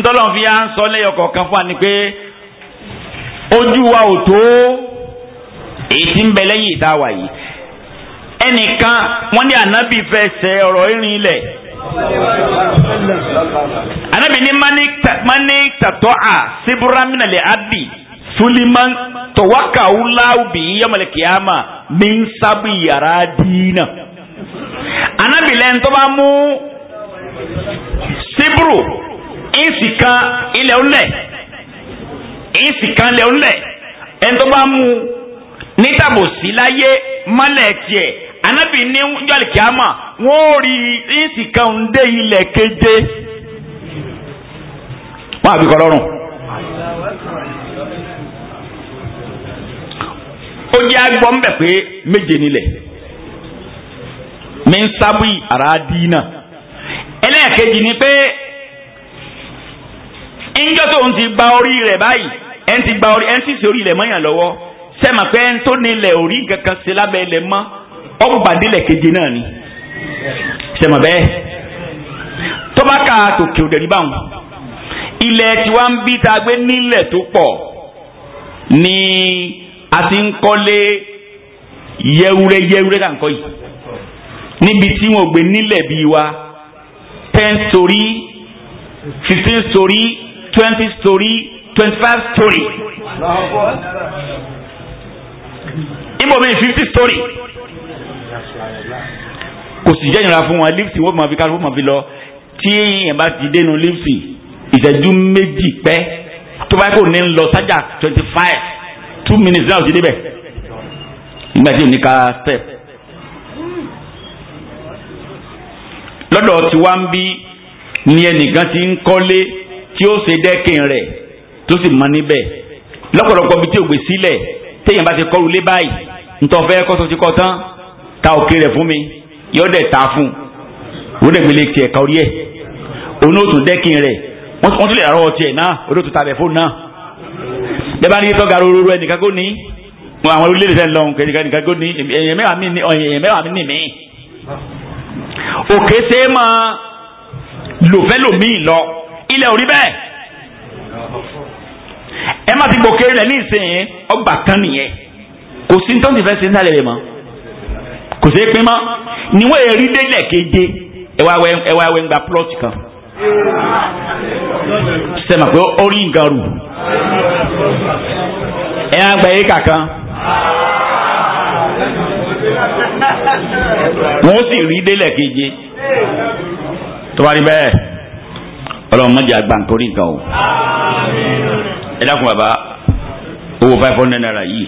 [SPEAKER 1] ntọ́lọ́run fi à ń sọ lẹ́yọ̀ kọ̀ọ̀kan fún wa ni pé ojú wa ò tó èyí ń bẹ lẹ́yìn ìta wà yìí ẹnìkan wọn ní ànábì fẹsẹ̀ ọ̀rọ̀ ìrìn ilẹ̀ ànábì ní mani tatọ́ a síbúrámínà lè ábì. suliman tọwakawulaw bi yamalekiyama min sabu yara diina anabilẹn tọba mu sibru insika ilẹwulẹ isika ile ẹntọba mu nitabosi la ye malẹ tiẹ anabi ni yalikiyama wọn ò rí insika ń nde ile keje wọn abikọrọ
[SPEAKER 2] kọ́
[SPEAKER 1] ó jẹ́ agbọ́n bẹ̀ pé méje nílẹ̀ mi ń sábì ara dínà ẹlẹ́ẹ̀kejì ni pé ńjọ́ tó ń ti gba orí rẹ̀ báyìí ẹ̀ ń ti gba orí ẹ̀ ń sì sí orí rẹ̀ mọ́yàn lọ́wọ́ sẹ́mà pé ẹ̀ ń tó nílẹ̀ orí kankan sí lábẹ́ ilẹ̀ mọ́ ọ̀gbàdélẹ̀ keje náà ni sẹ́mà bẹ́ẹ̀ tó bá ka tòkè òdẹ̀ rí báwọn ilẹ̀ tiwa ń bí ta gbé nílẹ̀ tó pọ̀ ní. Ni a ti ń kọ́lé yẹwúrẹ́ yẹwúrẹ́ là ń kọ́ yìí níbi tí wọn ò gbé nílẹ̀ bíi wa ten story fifteen story twenty story twenty five story ibòmí fifty story kò sì jẹ́ ìrora fún wọn lífìtì wọ́n máa fi kárò wọ́n máa fi lọ tí èèyàn bá ti dénú lífìtì ìṣẹ́jú méjì pẹ́ tó bá kò ní lọ sájà twenty five two minutes náà ti débẹ̀ nígbà tí òní ká step. lọ́dọ̀ tí wá ń bí ni ẹnìkan ti ń kọ́lé tí ó ṣe dẹ́kin rẹ̀ tó sì mọ níbẹ̀ lọ́pọ̀lọpọ̀ bí tí ò gbé sílẹ̀ téèyàn bá ti kọ́lu lé báyìí ntọ́fẹ́ kọ́sọ́ ti kọ́ tán ta òkè rẹ̀ fún mi yóò dẹ̀ ta fún un dẹ̀ gbélé tiẹ̀ kọ́ ẹ̀ òun dẹ́kin rẹ̀ wọ́n tún lè rárọ̀ tiẹ̀ náà òun ó fóònù náà bẹ́ẹ̀ bá ní tọ́ga rororo ẹnìkan kò ní wọn àwọn orílẹ̀-èdè sẹ́ni lọ́hùn kẹ́nìkan nìkan kò ní èyàn mẹ́wàá mi ní èyàn mẹ́wàá mi ní mí. òkè ṣe é máa lòfẹ́ lòmíì lọ ilẹ̀ òrí bẹ́ẹ̀ ẹ má ti gbòkè rẹ̀ ní ìsìn ọgbà kan nìyẹn kò sí ní tó ń ti fẹ́ ṣe ń tàlẹ̀ rẹ̀ mọ́ kò sí pín mọ́ níwọ̀n èrí délẹ̀ kéde ẹ̀wà wẹ̀ ń gba plọ́ọ̀tì kan sẹ́mà pé orí nǹkan rù ẹ̀ á gbà yé kàkan wọ́n sì rí délẹ̀ keje tó bá rí bẹ́ẹ̀ ọlọ́run mọ̀jẹ̀ àgbà nǹkan orí nǹkan o ẹ dákun bàbá owó five hundred naira yìí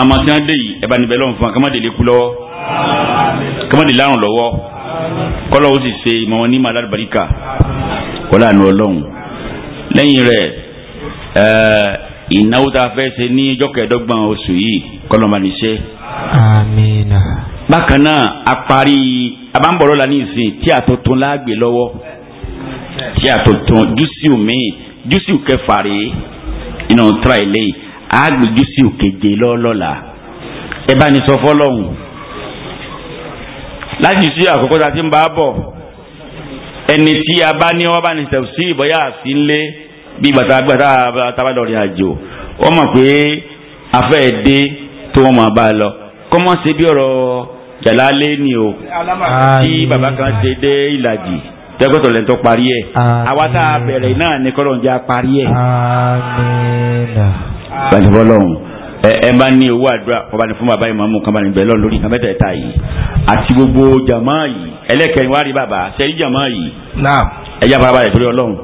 [SPEAKER 1] àmọ́ tí wọ́n dé yìí ẹ bá níbẹ̀ lọ́wọ́ fún wa kí wọ́n má délé kú lọ́wọ́ kọ́mọ̀dé lárùn lọ́wọ́ kọ́lọ́ ó sì ṣe ìmọ̀ wọn ní màá lálùbáríkà wọ́n lànà ọlọ́run lẹ́yìn rẹ̀ ìnáwó tá a fẹ́ ní ọjọ́ oṣù yìí kọ́lọ́ máa ní ṣe.
[SPEAKER 2] àmín.
[SPEAKER 1] bákan náà a parí abáǹbọ̀rọ̀ la ní ìsìn tí àtúntún láàgbé lọ́wọ́ tí àtúntún júṣìù míì júṣìù kẹfà rèé iná tíra ilé yìí àgbè júṣìù keje lọ́ọ́lọ́la ẹ bá ní sọ fọ́lọ́hún láti sí àkókò tá a ti ń bá bọ̀ ẹni tí a bá ní wọn bá ní tẹ̀sí ìbọ̀yà sí ń lé bí bàtà gbàtà tábà lọ rìn àjò wọ́n mọ̀ pé afẹ́ dé tó wọ́n mọ̀ bá lọ kọ́mọ́ ṣe bí ọ̀rọ̀ jàlálẹ́ ni o tí bàbá kan ṣe dé ìlàjì tẹ́gbẹ́tọ̀ lẹ́nu tó parí ẹ̀ àwa tá a bẹ̀rẹ̀ náà ni kọ́lọ́ọ̀jà parí ẹ̀. àmín ẹ bá ní owó àdúrà kọba ní fún bàbá ìmọ̀ọ́mù kan bá ní bẹ̀ lọ́nà lórí kan mẹ́tẹ̀ẹ̀ta yìí àti gbogbo jàmá yìí ẹlẹ́kẹ̀rin wá rí bàbá sẹ́yìn jàmá yìí ẹ jẹ́ àbára balẹ̀ torí ọlọ́run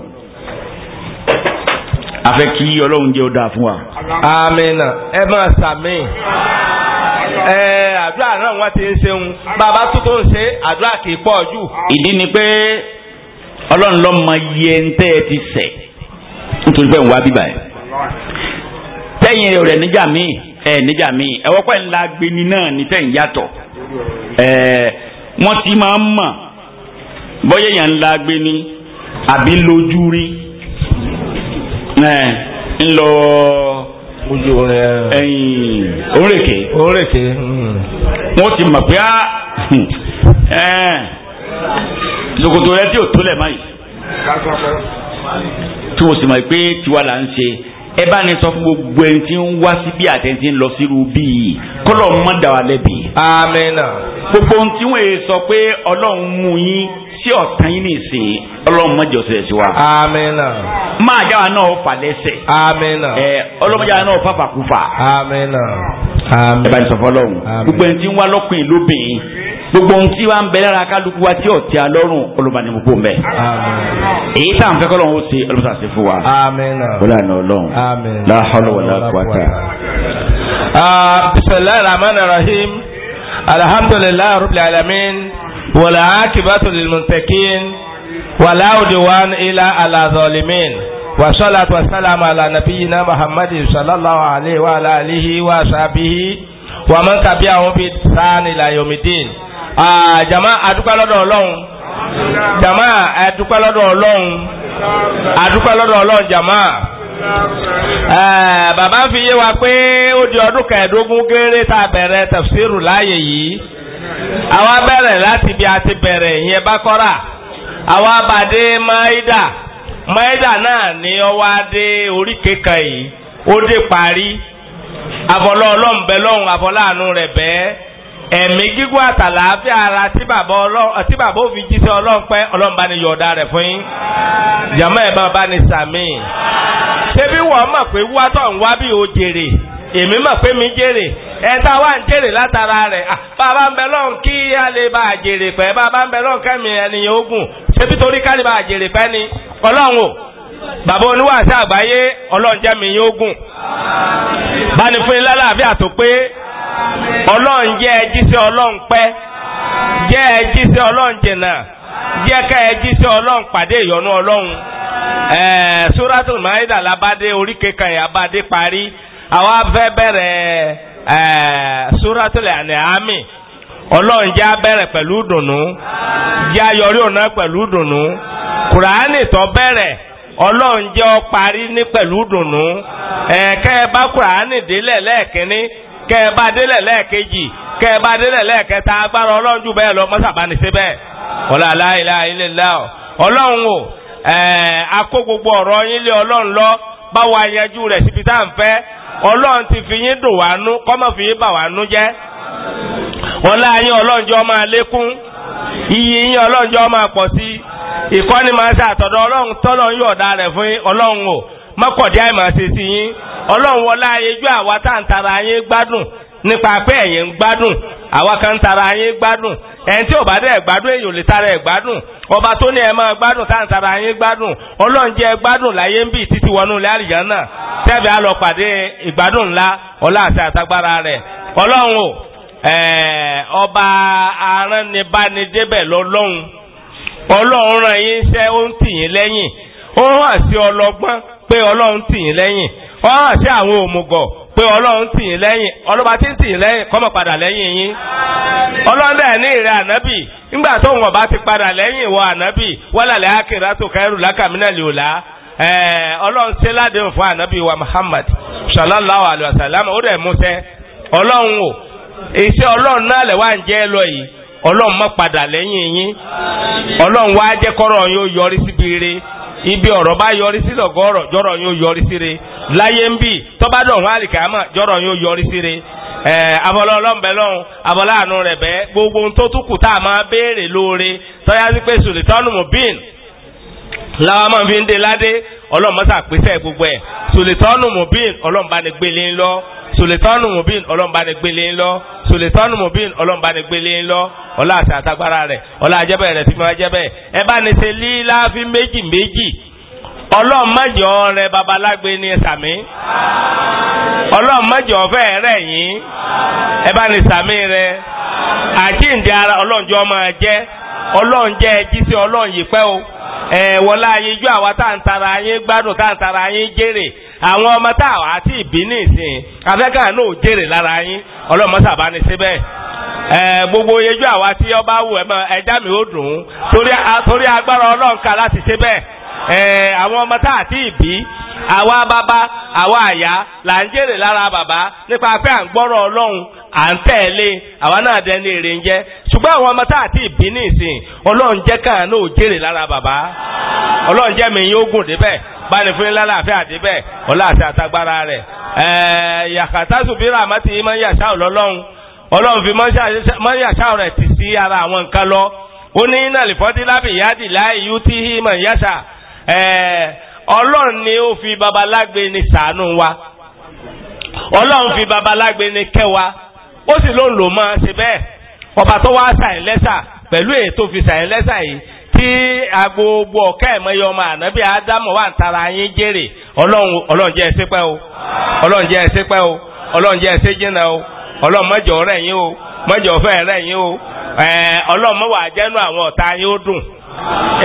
[SPEAKER 1] a fẹ́ kí ọlọ́run jẹ́ ó dáa fún wa. amina ẹ máa sàmì ẹ àdúrà náà wọn ti ń ṣeun bàbá tó tó ń ṣe àdúrà kì í pọ̀ jù. ìdí ni pé ọlọ́run lọ́ọ́ mọ iye ń tẹ́ ẹ ti sẹ̀ nítorí pé ń lẹ́yìn rẹ̀ níjà míì ẹ̀ níjà míì ẹ̀wọ́ pẹ́ ńlá gbeni náà ní tẹ̀ ń yàtọ̀ ẹ̀ wọ́n ti máa ń mọ̀ bọ́yẹ̀ yẹn ńlá gbeni àbí lójú rí ẹ̀ ńlọ ojú rẹ̀ ẹ̀yìn òǹrèké òǹrèké hmm. wọ́n ti mọ̀ pé á ah, hmm, ẹ̀ tí ò tó lẹ̀ máa yìí tí mo sì mọ̀ pé tiwa là ń ṣe ẹ bá ní sọ fún gbogbo ẹni tí ń wá síbí àtẹni tí ń lọ sírú bíi kọlọ mọ dà wá lẹ́bi. amina. gbogbo ohun tí wọ́n yẹ sọ pé ọlọ́run mú yín sí ọ̀tàn yín nìsín ọlọ́run mọ̀jọ sílẹ̀ sí wa. amina. máa já náà fà lẹ́sẹ̀. amina. ẹ ọlọ́run já náà fà fàkúfà. ẹ bá ní sọ fún ọlọ́run gbogbo ẹni tí ń wá lọ́kùnrin lóbìnrin gbogbo ohun tí wàá ń bẹ lára kálukú wa tí ọ̀tí alọ́rùn olùmọ̀ọ́ni gbogbo ń bẹ. èyí tá à ń fẹ́ kọ́ lọ́hún ó ṣe olùmọ̀ọ́sà ṣe fún wa. wọlé àná ọlọ́run láhọ́lọ́ wọlé àkùwàtà. bisimilahi rahman rahim alhamdulilayi rabbil alamin wala akibatu lilmuntaqin wala udwan ila ala zalimin wasalatu wasalamu ala nabiyina muhammadin sallallahu alaihi wa alihi wa sahbihi wa man tabi'ahum bi ihsan ila yawmiddin Ah, jama adúpẹ́ lọ́dọ̀ ọlọ́run jama adúpẹ́ ọlọ́run ọlọ́run bàbá fi yé wa pé ó di ọdún kẹẹ̀ẹ́dógún géré tá a bẹ̀rẹ̀ tafsiru láàyè yìí àwa bẹ̀rẹ̀ láti bí a ti bẹ̀rẹ̀ yẹn Bákọ́rà àwa bàdé Máídà náà ni dé orí kékeré ó dé parí ọlọ́run lọ́hùn ẹ̀mí gígùn àtàlàáfíà ara tí bàbá ọlọ́run tí bàbá ọlọ́run pẹ́ ọlọ́run bá ní yọ̀ọ̀dá rẹ̀ fún yín jàmọ́ ẹ̀ bá bá ní o jèrè èmi mọ̀ pé mi jèrè ẹ̀ta wà ń jèrè látara rẹ̀ bàbá ń bẹ lọ́n kí a lè bá a jèrè pẹ́ bàbá ń bẹ kẹ́mi ogun ṣé bí torí ká lè ni ọlọ́run o bàbá àgbáyé ọlọ́run ogun fún ilé ọlọ́run jẹ́ ẹjíṣẹ́ ọlọ́run pẹ́ jẹ́ ẹjíṣẹ́ ọlọ́run jìnnà jẹ́ ká ọlọ́run pàdé ìyọnu ọlọ́run suratul maida labade oríkè kan yà parí àwa fẹ́ bẹ̀rẹ̀ suratul ọlọ́run jẹ́ abẹ́rẹ̀ pẹ̀lú dùnú jẹ́ ayọ̀rí ọ̀nà pẹ̀lú dùnú kùránì tó ọlọ́run jẹ́ kẹ́ẹ̀bá délẹ̀ lẹ́ẹ̀kejì kẹ́ẹ̀bá délẹ̀ lẹ́ẹ̀kẹta agbára ọlọ́run jù bẹ́ẹ̀ lọ mọ́sàbáni síbẹ̀ ọlá aláìlá ilé ńlá ọ ọlọ́run o akó gbogbo ọ̀rọ̀ yín lé ọlọ́run lọ bá wa yanjú rẹ̀ síbi tá à ń fẹ́ ọlọ́run ti fi yín dùn wá nú fi yín bà wá nú jẹ́ ọlọ́run jọ máa lékún yín ọlọ́run jọ máa pọ̀ sí ìkọ́ni mọ́kọ̀dé àìmọ̀ ṣe sí yín ọlọ́run wọlá ayéjú àwa tá ń tara yín gbádùn nípa pé ẹ̀yin ń gbádùn àwa kan ń tara yín gbádùn tí ò bá dẹ̀ gbádùn èyí ò lè tara ẹ̀ gbádùn ọba tó ní ẹ máa gbádùn tá ń tara yín gbádùn ọlọ́run jẹ́ ọba lọ́lọ́run ọlọ́run ràn yín ó ń tì yín lẹ́yìn ó hàn pé ọlọ́run tì yín lẹ́yìn wọ́n hàn sí àwọn òmùgọ̀ pé ọlọ́run tì yín lẹ́yìn ọlọ́ba tí ń tì yín lẹ́yìn kọ́mọ̀ padà lẹ́yìn yín ọlọ́run dẹ̀ ní ìrẹ́ ànábì nígbà tó wọn bá ti padà lẹ́yìn ìwọ ànábì wálàlẹ́ àkèrè àtòkẹ́rù lákàmínà lè òlá ọlọ́run ṣe ládéhùn fún ànábì wa Muhammad sallallahu alayhi wa sallam ó dẹ̀ mú sẹ́ ọlọ́run o èsì ọlọ́run náà lẹ̀ wá ń jẹ́ lọ yìí ọlọ́run má padà lẹ́yìn yín ọlọ́run wá jẹ́ kọ́rọ̀ yóò yọrí ibi ọ̀rọ̀ bá yọrí sí lọ́gọ́rọ̀ jọ́rọ̀ yóò yọrí sí re láyé ń bì tọ́ba dọ̀hún àlìkàmà jọ́rọ̀ yóò yọrí sí re abọ́lá abọ́lá àánú rẹ̀ bẹ́ẹ̀ gbogbo ohun tó béèrè lóore tọ́yá sí pé de ládé ọlọ́run mọ́sà pèsè sulefanu mubin ọlọ́mbanigbélé ńlọ sulefanu mubin ọlọ́mbanigbélé ńlọ ọlá àti àtagbára rẹ̀ ọlá àjẹbẹ̀ rẹ̀ fi máa jẹ́bẹ̀ ẹ bá ní ṣe líláàfin méjì méjì ọlọ́run mẹ́jọ rẹ babalágbé ní sàmí ọlọ́run mẹ́jọ fẹ́ rẹ̀ yín ẹ bá ní sàmí rẹ àjíǹde ara ọlọ́run jọ jẹ́ ọlọ́run jẹ́ o ẹ ju àwa tá tara yín gbádùn tá ọmọ tá àti ìbí ní ìsìn afẹ́kà náà jèrè lára yín ọlọ́run ní síbẹ̀ gbogbo yejú àwa tí ọba wù mọ ẹja mi ó dùn ún àwọn ọmọ tá àti ìbí àwa bàbá àwa àyà là ń jèrè lára nípa pé à gbọrọ ọlọ́run à ń tẹ̀lé àwa náà dẹni èrè ń jẹ́ ṣùgbọ́n àwọn ọmọ tá àti ìbí ní ọlọ́run jẹ́ káà lára bàbá ọlọ́run jẹ́ mi yín ogun débẹ̀ báni fún ilé àdébẹ̀ ọlá àti àtagbára rẹ̀ yàkàtà yàṣà ọlọ́run fi ọlọ́run ni ó fi babalágbe ni ṣàánú wa ọlọ́run fi babalágbe ni ó sì ló ń lò mọ́ ṣe bẹ́ẹ̀ ọba tó wá ṣàìlẹ́sà pẹ̀lú èyí tó fi ṣàìlẹ́sà yìí tí agbogbo ọ̀kẹ́ ẹ̀mọ́yé ọmọ ànábì ádámù wà ń tara yín jèrè ọlọ́run jẹ́ ẹsẹ́ pẹ́ o ọlọ́run jẹ́ ẹsẹ́ o ọlọ́run jẹ́ o ọlọ́run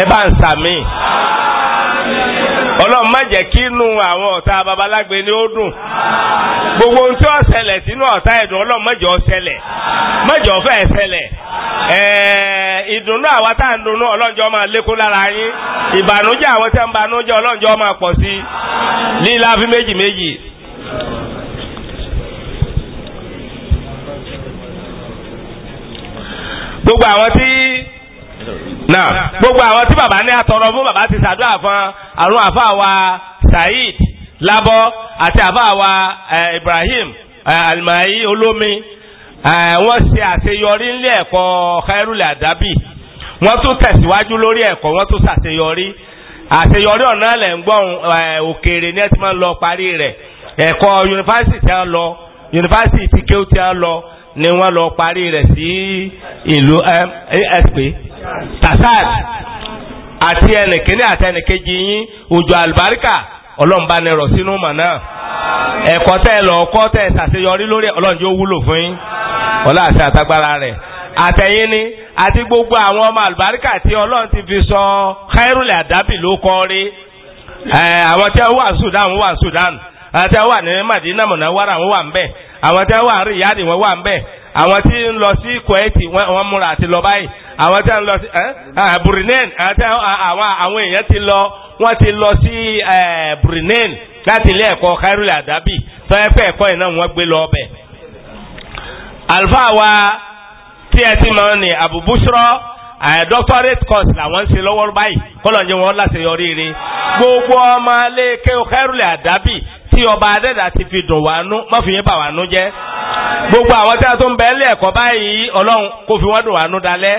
[SPEAKER 1] ẹ bá ń sàmì ọlọ́run má jẹ́ kí inú àwọn ọ̀tá babalágbe ni ó dùn gbogbo ohun tí ó ṣẹlẹ̀ sínú ọ̀tá ẹ̀dùn ọlọ́run ṣẹlẹ̀ má fẹ́ ṣẹlẹ̀ ìdùnnú àwa tá à ń dunnú ọlọ́njọ́ máa lékún lára yín ìbànújẹ́ àwọn tí ń banújẹ́ gbogbo àwọn tí. náà gbogbo àwọn tí bàbá ní àtọrọ fún bàbá ti ṣàdúrà fún àrùn àfa wa Saheed Labọ àti àfa wa Ibrahim Almai olómi wọ́n ṣe àṣeyọrí nílé ẹ̀kọ́ Khairul Adabi wọ́n tún tẹ̀síwájú lórí ẹ̀kọ́ wọ́n tún ṣàṣeyọrí àṣeyọrí ọ̀nà lẹ̀ ń gbọ́n òkèèrè ní ẹtí máa ń lọ parí rẹ̀ ẹ̀kọ́ yunifásitì tí wọ́n lọ yunifásitì tí kéwù tí wọ́n lọ ni wọ́n lọ parí rẹ̀ sí ìlú ẹ̀ ẹ̀ pé tasad àti ẹnìkíní àti ẹnìkejì yín òjò àlùbáríkà ọlọ́run bá nẹrọ̀ sínú mọ̀ náà ẹ̀kọ́ tẹ́ ẹ lọ ọkọ́ tẹ́ ẹ ṣàṣeyọrí lórí ọlọ́run yóò wúlò fún yín ọlọ́run àti àtagbára rẹ̀ àtẹ̀yìn ni àti gbogbo àwọn ọmọ àlùbáríkà tí ọlọ́run ti fi sọ khairul adabi ló kọ́ rí àwọn tí wọ́n wà Sudan wọ́n wà Sudan àwọn tí wọ́n wà ní Madina mọ̀nàwárà wọ́n wà ń bẹ̀ àwọn tí wọ́n wà ní Riyadh wọ́n wà ń bẹ̀ àwọn tí ń lọ sí Kuwait wọ́n múra àti lọ báyìí àwọn tí a ń lọ sí Brunei àwọn èèyàn ti lọ wọ́n ti lọ sí Brunei láti ilé ẹ̀kọ́ Khairul Adabi tó ẹ fẹ́ ẹ̀kọ́ iná wọn gbé lọ ọbẹ̀. àlùfáà wa tí ẹ ti mọ̀ ní àbùbúṣọ́ doctorate course làwọn ń ṣe lọ́wọ́ báyìí kọ́lọ̀ ń jẹ́ wọn láṣeyọrí rẹ̀ gbogbo ọmọ alẹ́ Khairul Adabi tí ọba adẹ́dà ti fi dùn wá nú má fi yín bà wá nú jẹ́ gbogbo àwọn tí a tó ń bẹ ilé ẹ̀kọ́ báyìí ọlọ́run kò fi wọ́n dùn wá nú dalẹ́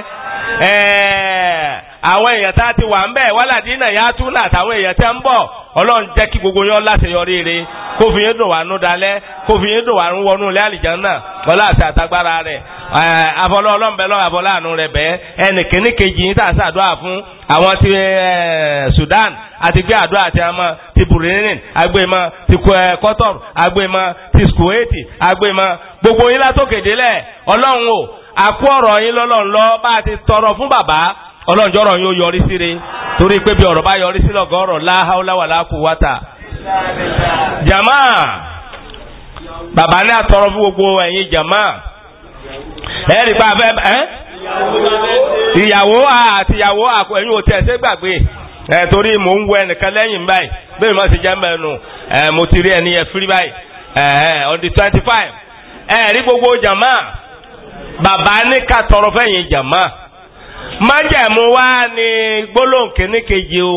[SPEAKER 1] àwọn èèyàn tá a ti wà ń bẹ̀ wálàdínà yá túnà àtàwọn èèyàn tẹ́ ń bọ̀ ọlọ́run jẹ́ kí gbogbo yín láṣeyọrí rẹ̀ kó fi yín dùn wá nú dalẹ̀ kó fi yín dùn wá wọnú ilé àlìjánná bọ́lá àti àtagbára rẹ̀ abọ́lọ́ ọlọ́run bẹ́ẹ̀ rẹ̀ bẹ́ẹ̀ ẹnì kìíní kejì yín tàṣà àdúrà fún àwọn ti Sudan àti gbé àdúrà àti àmọ́ ti Burundi agbèmọ̀ ti Qatar agbèmọ̀ ti Kuwait agbèmọ̀ gbogbo yín látòkèdélẹ̀ ọlọ́run o àkú ọ̀rọ̀ yín lọ́lọ́run ọlọ́njọ́rọ̀ yóò yọrí síre torí pé bí ọ̀rọ̀ bá yọrí sí lọ́gọ́rọ̀ láháúláwà lákùwátà. bàbá ní àtọrọ fún gbogbo ẹ̀yin jama ẹ pa abẹ́ ẹ́ ìyàwó àti ìyàwó àkọ ẹ̀yin ò tẹ̀ torí mò ń wọ ẹnìkan lẹ́yìn báyìí bẹ́ẹ̀ sí jẹ́ mẹ́nu ẹ̀ mo ẹni yẹn firi báyìí ẹ̀ five gbogbo jama bàbá ní májẹ̀mú wá ni gbólóhùn kìíní kejì o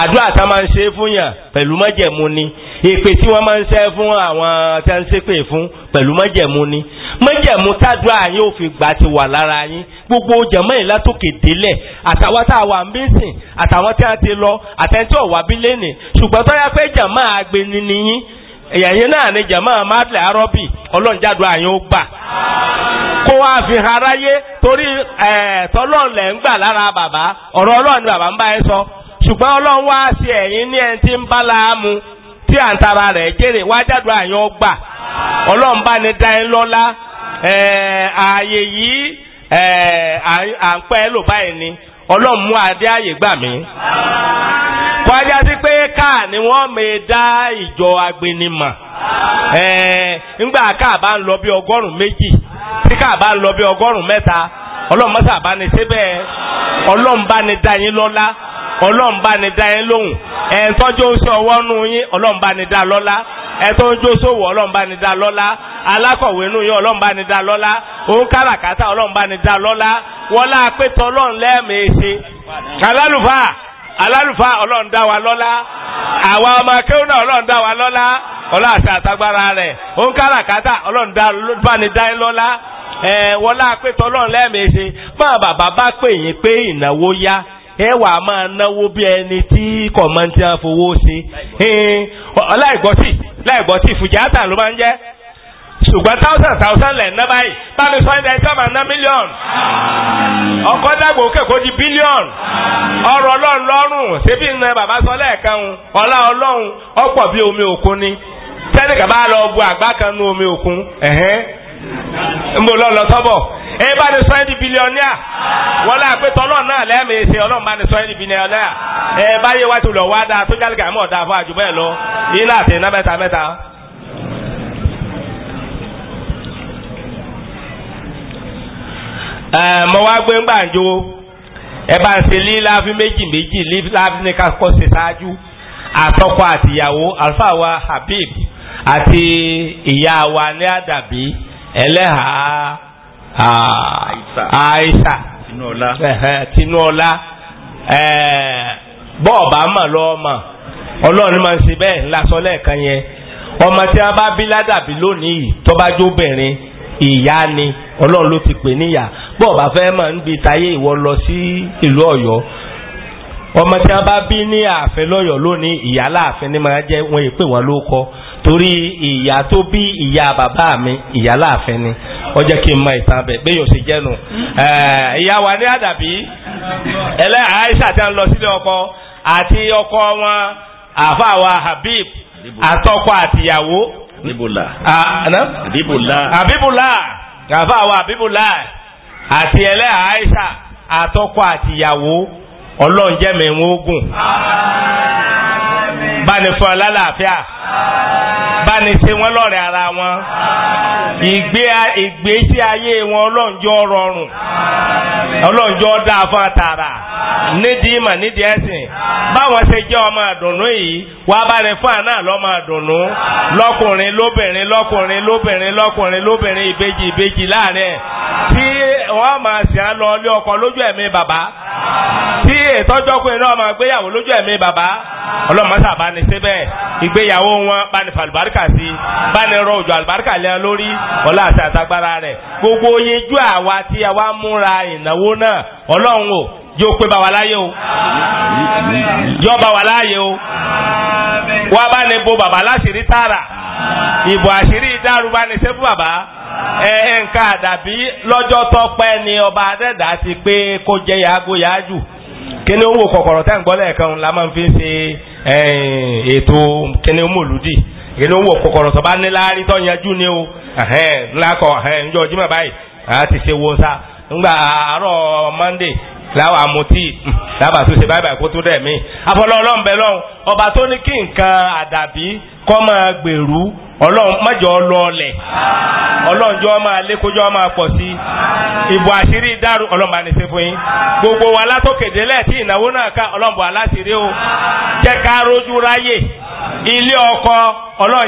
[SPEAKER 1] àdúrà tá máa ń ṣe fún yàn pẹ̀lú májẹ̀mú ni èpè tí wọ́n máa ń ṣe fún àwọn tí wọ́n ń ṣépè fún pẹ̀lú májẹ̀mú ni májẹ̀mú tádùá yín ò fi gbà ti wà lára yín gbogbo jẹ̀mọ́ yìí látòkè délẹ̀ àtàwọn tá a wà ń bí sìn àtàwọn tí a ti lọ àtẹ̀ntì ọ̀wà bí lẹ́nì ṣùgbọ́n tó yá pé jẹ̀mọ́ àgbẹ̀ni nìyí ẹ̀yìn náà ni jẹ̀mọ́ madlẹ̀ arọ́bì ọlọ́run jáde àyàn ó gbà kó wá fi hàn aráyé torí tọ́lọ́run lẹ̀ ń gbà lára bàbá ọ̀rọ̀ ọlọ́run ni bàbá ń bá ẹ sọ ṣùgbọ́n ọlọ́run wá sí ẹ̀yìn ní ẹni tí bá láàmú tí à ń rẹ̀ jèrè wá àyàn ó gbà ọlọ́run bá ní lọ́lá ààyè yìí àyè gbà mí sí pé káà ni wọ́n ẹ̀ẹ́ ńgbà káàbá ń lọ bí ọgọ́rùn méjì tí káàbá ń lọ bí ọgọ́rùn mẹ́ta ọlọ́run mọ́sà bá ní síbẹ̀ ọlọ́run bá ní dá yín lọ́lá ọlọ́run bá ní dá yín lóhùn ẹ̀ẹ́n tọ́jú oṣù ọwọ́ nù yín ọlọ́run bá ní dá lọ́lá ẹ̀tọ́ ojú sówò ọlọ́run bá ní dá lọ́lá alákọ̀wé inú yín ọlọ́run bá ní dá lọ́lá òun káràkátà ọlọ́run bá ní dá lọ́lá wọlá pétọ́ ọlọ́run lẹ́ẹ̀mẹ́ẹ̀ṣe alálùfáà ọlọ́run dá wa lọ́lá ọmọ akéwù náà wa lọ́lá ọlọ́run àti àtagbára rẹ̀ òun káràkátà ọlọ́run dá báni dá lọ́lá wọlá pétọ́ ọlọ́run lẹ́ẹ̀mejì máa bàbá bá pè yín pé ìnáwó yá ẹwà máa náwó bí ẹni tí kọ̀mọ́ntì àfowó ṣe ọláìgbọ́tì láìgbọ́tì fùjátà ló máa ń jẹ́ ṣùgbọ́n thousand thousand lẹ̀ ná báyìí bá sọ ẹ̀dá ẹ̀sọ́ máa ná mílíọ̀nù ọkọ̀ dàgbò kẹ́kọ̀ọ́ di bílíọ̀nù ọrọ̀ ọlọ́run lọ́rùn ṣébí bàbá sọ lẹ́ẹ̀kan ọlá ọlọ́run ọ̀pọ̀ bí omi òkun ni bá lọ bu àgbá kan nu omi òkun ẹ̀hẹ́n ń bò lọ́ọ́ lọ bá ní di bílíọ̀nìà wọ́n náà ṣe ọlọ́run bá ní di bílíọ̀nìà lọ wá dáa tó kàmú ọ̀dà fún àjùbọ́ ẹ̀ lọ mẹ́ta mẹ́ta mọwa wa gbe ngbanjo e ba se li meji meji li ni ka atọkọ se saju habib ati iya wa ni adabi eleha aisa aisha tinola eh tinola eh bo ba ma lo ma olorun ma se be la kan yen omo ti a ba bi ladabi loni to ba jo berin iya ni ọlọ́run ló fi pè níyà bọ́ọ̀ bá fẹ́ máa ń bi táyé ìwọ lọ sí ìlú ọ̀yọ́ ọmọ tí wọn bá bí ní ààfin lọ́yọ̀ọ́ lónìí ìyá láàfin ni máa jẹ́ wọn èpè wọn ló kọ́ torí ìyá tó bí ìyá bàbá mi ìyá láàfin ni ó jẹ́ kí n mọ ìtàn bẹ̀ bẹ́ẹ̀ yóò ṣe ìyá wa ní àdàbí ẹlẹ́yà aisha ti ń lọ sílé ọkọ àti ọkọ wọn àfa wa habib àtọkọ àtìyàwó. abibula abibula gàfà àwọn àbíbùlá àti ẹlẹ́ àìsà àtọkọ àtìyàwó ọlọ́run bá ní fún alálàáfíà bá ṣe wọ́n lọ́rẹ̀ ara wọn ìgbésí ayé wọn ọlọ́njọ́ rọrùn ọlọ́njọ́ dáa fún àtàrà nídìí ìmọ̀ nídìí ẹ̀sìn báwọn ṣe jẹ́ ọmọ àdùnnú yìí wàá bá fún àná lọ́mọ àdùnnú lọ́kùnrin lóbìnrin lọ́kùnrin lóbìnrin lọ́kùnrin lóbìnrin ìbejì ìbejì láàrin tí wọ́n máa á lọ ilé ọkọ lójú ẹ̀mí bàbá tí náà máa gbéyàwó ní síbẹ̀ ìgbéyàwó wọn bá ní fàlùbáríkà sí bá ní rọ òjò àlùbáríkà lẹ́yìn lórí ọlá àti àtagbára rẹ̀ gbogbo yẹjú àwa tí a wá múra ìnáwó náà ọlọ́run o yóò pé bá wa láyé o yóò bá wa láyé o wá bá bo bàbá láṣìírí tààrà ìbò àṣírí ìdárú bá sẹ́fún bàbá ẹ̀ nǹkan àdàbí lọ́jọ́ tọ́pẹ́ ni ọba adẹ́dà ti pé kó jẹ́ yàgò yájú kí ni owó kọ̀kọ̀rọ̀ tẹ́ ń gbọ́ lẹ́ẹ̀kan la máa ń fi ṣe ètò kíní mòlúdì kíní owó kòkòrò tó bá ní láàárín tó yanjú ni o ńlákọ̀ ńjọ jimá báyìí àti ṣe wo sa ńgbà àárọ̀ monday láwọn àmútí lábàtúnṣe báyìí kó tó dẹ̀ mí àfọlọ́ ọlọ́run bẹ̀ lọ́hùn ọba tó ní kí nǹkan àdàbí kọ́ máa gbèrú ọlọ́run májọ lọ́ọ̀lẹ̀ ọlọ́run jọ máa máa pọ̀ sí ìbò àṣírí dàrú ọlọ́run bá ní ṣe fún yín gbogbo wa ìnáwó náà ká ọlọ́run bọ̀ o jẹ́ ká rójú ráyè ilé ọkọ ọlọ́run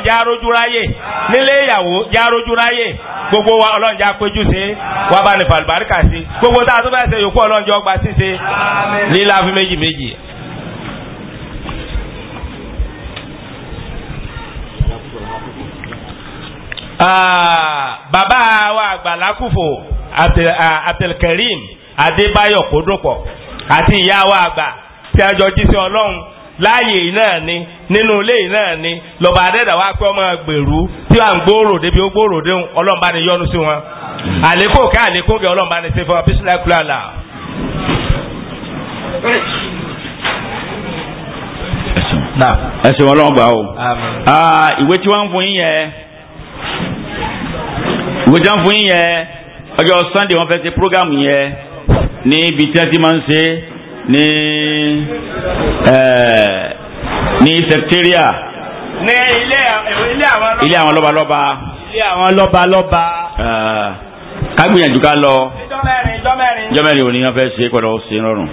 [SPEAKER 1] já rójú ráyè gbogbo wa ọlọ́run já péjú sí wa bá ní gbogbo tó bá ṣe yòókù ọlọ́run jọ gbà Ah, bàbá wa àgbàlákùfò Abdulkareem ah, Adébáyọ̀ Kódòpọ̀ àti ìyá wa àgbà tí a jọ jíṣẹ́ Ọlọ́run láàyè náà ni nínú ilé náà ni lọ́ba adẹ́dà wá pé ọmọ gbèrú tí wà ń gbòòrò débi ó gbòòrò déhùn ọlọ́mba ni yọ́nú sí wọn àlékò ká àlékò gẹ ọlọ́mba ni ṣe fún wa bísílẹ̀ kúlàlà. ẹ̀sìn wọn lọ́gbà o ah, ìwé tí wọ́n ń fún yín yẹn ìgbẹ́jọ́ fún yín yẹn ọjọ́ sunday wọ́n fẹ́ ṣe program yẹn ní ibi tí wọ́n ti máa ń ṣe ní ní sẹkítẹ́ríà. ní ilé àwọn ilé àwọn lọ́balọ́ba. ilé àwọn lọ́balọ́ba. ká gbìyànjú ká lọ. ìjọ mẹ́rin ìjọ mẹ́rin. ìjọ mẹ́rin òní wọ́n fẹ́ ṣe pẹ̀lú ọ̀sẹ̀ rọrùn.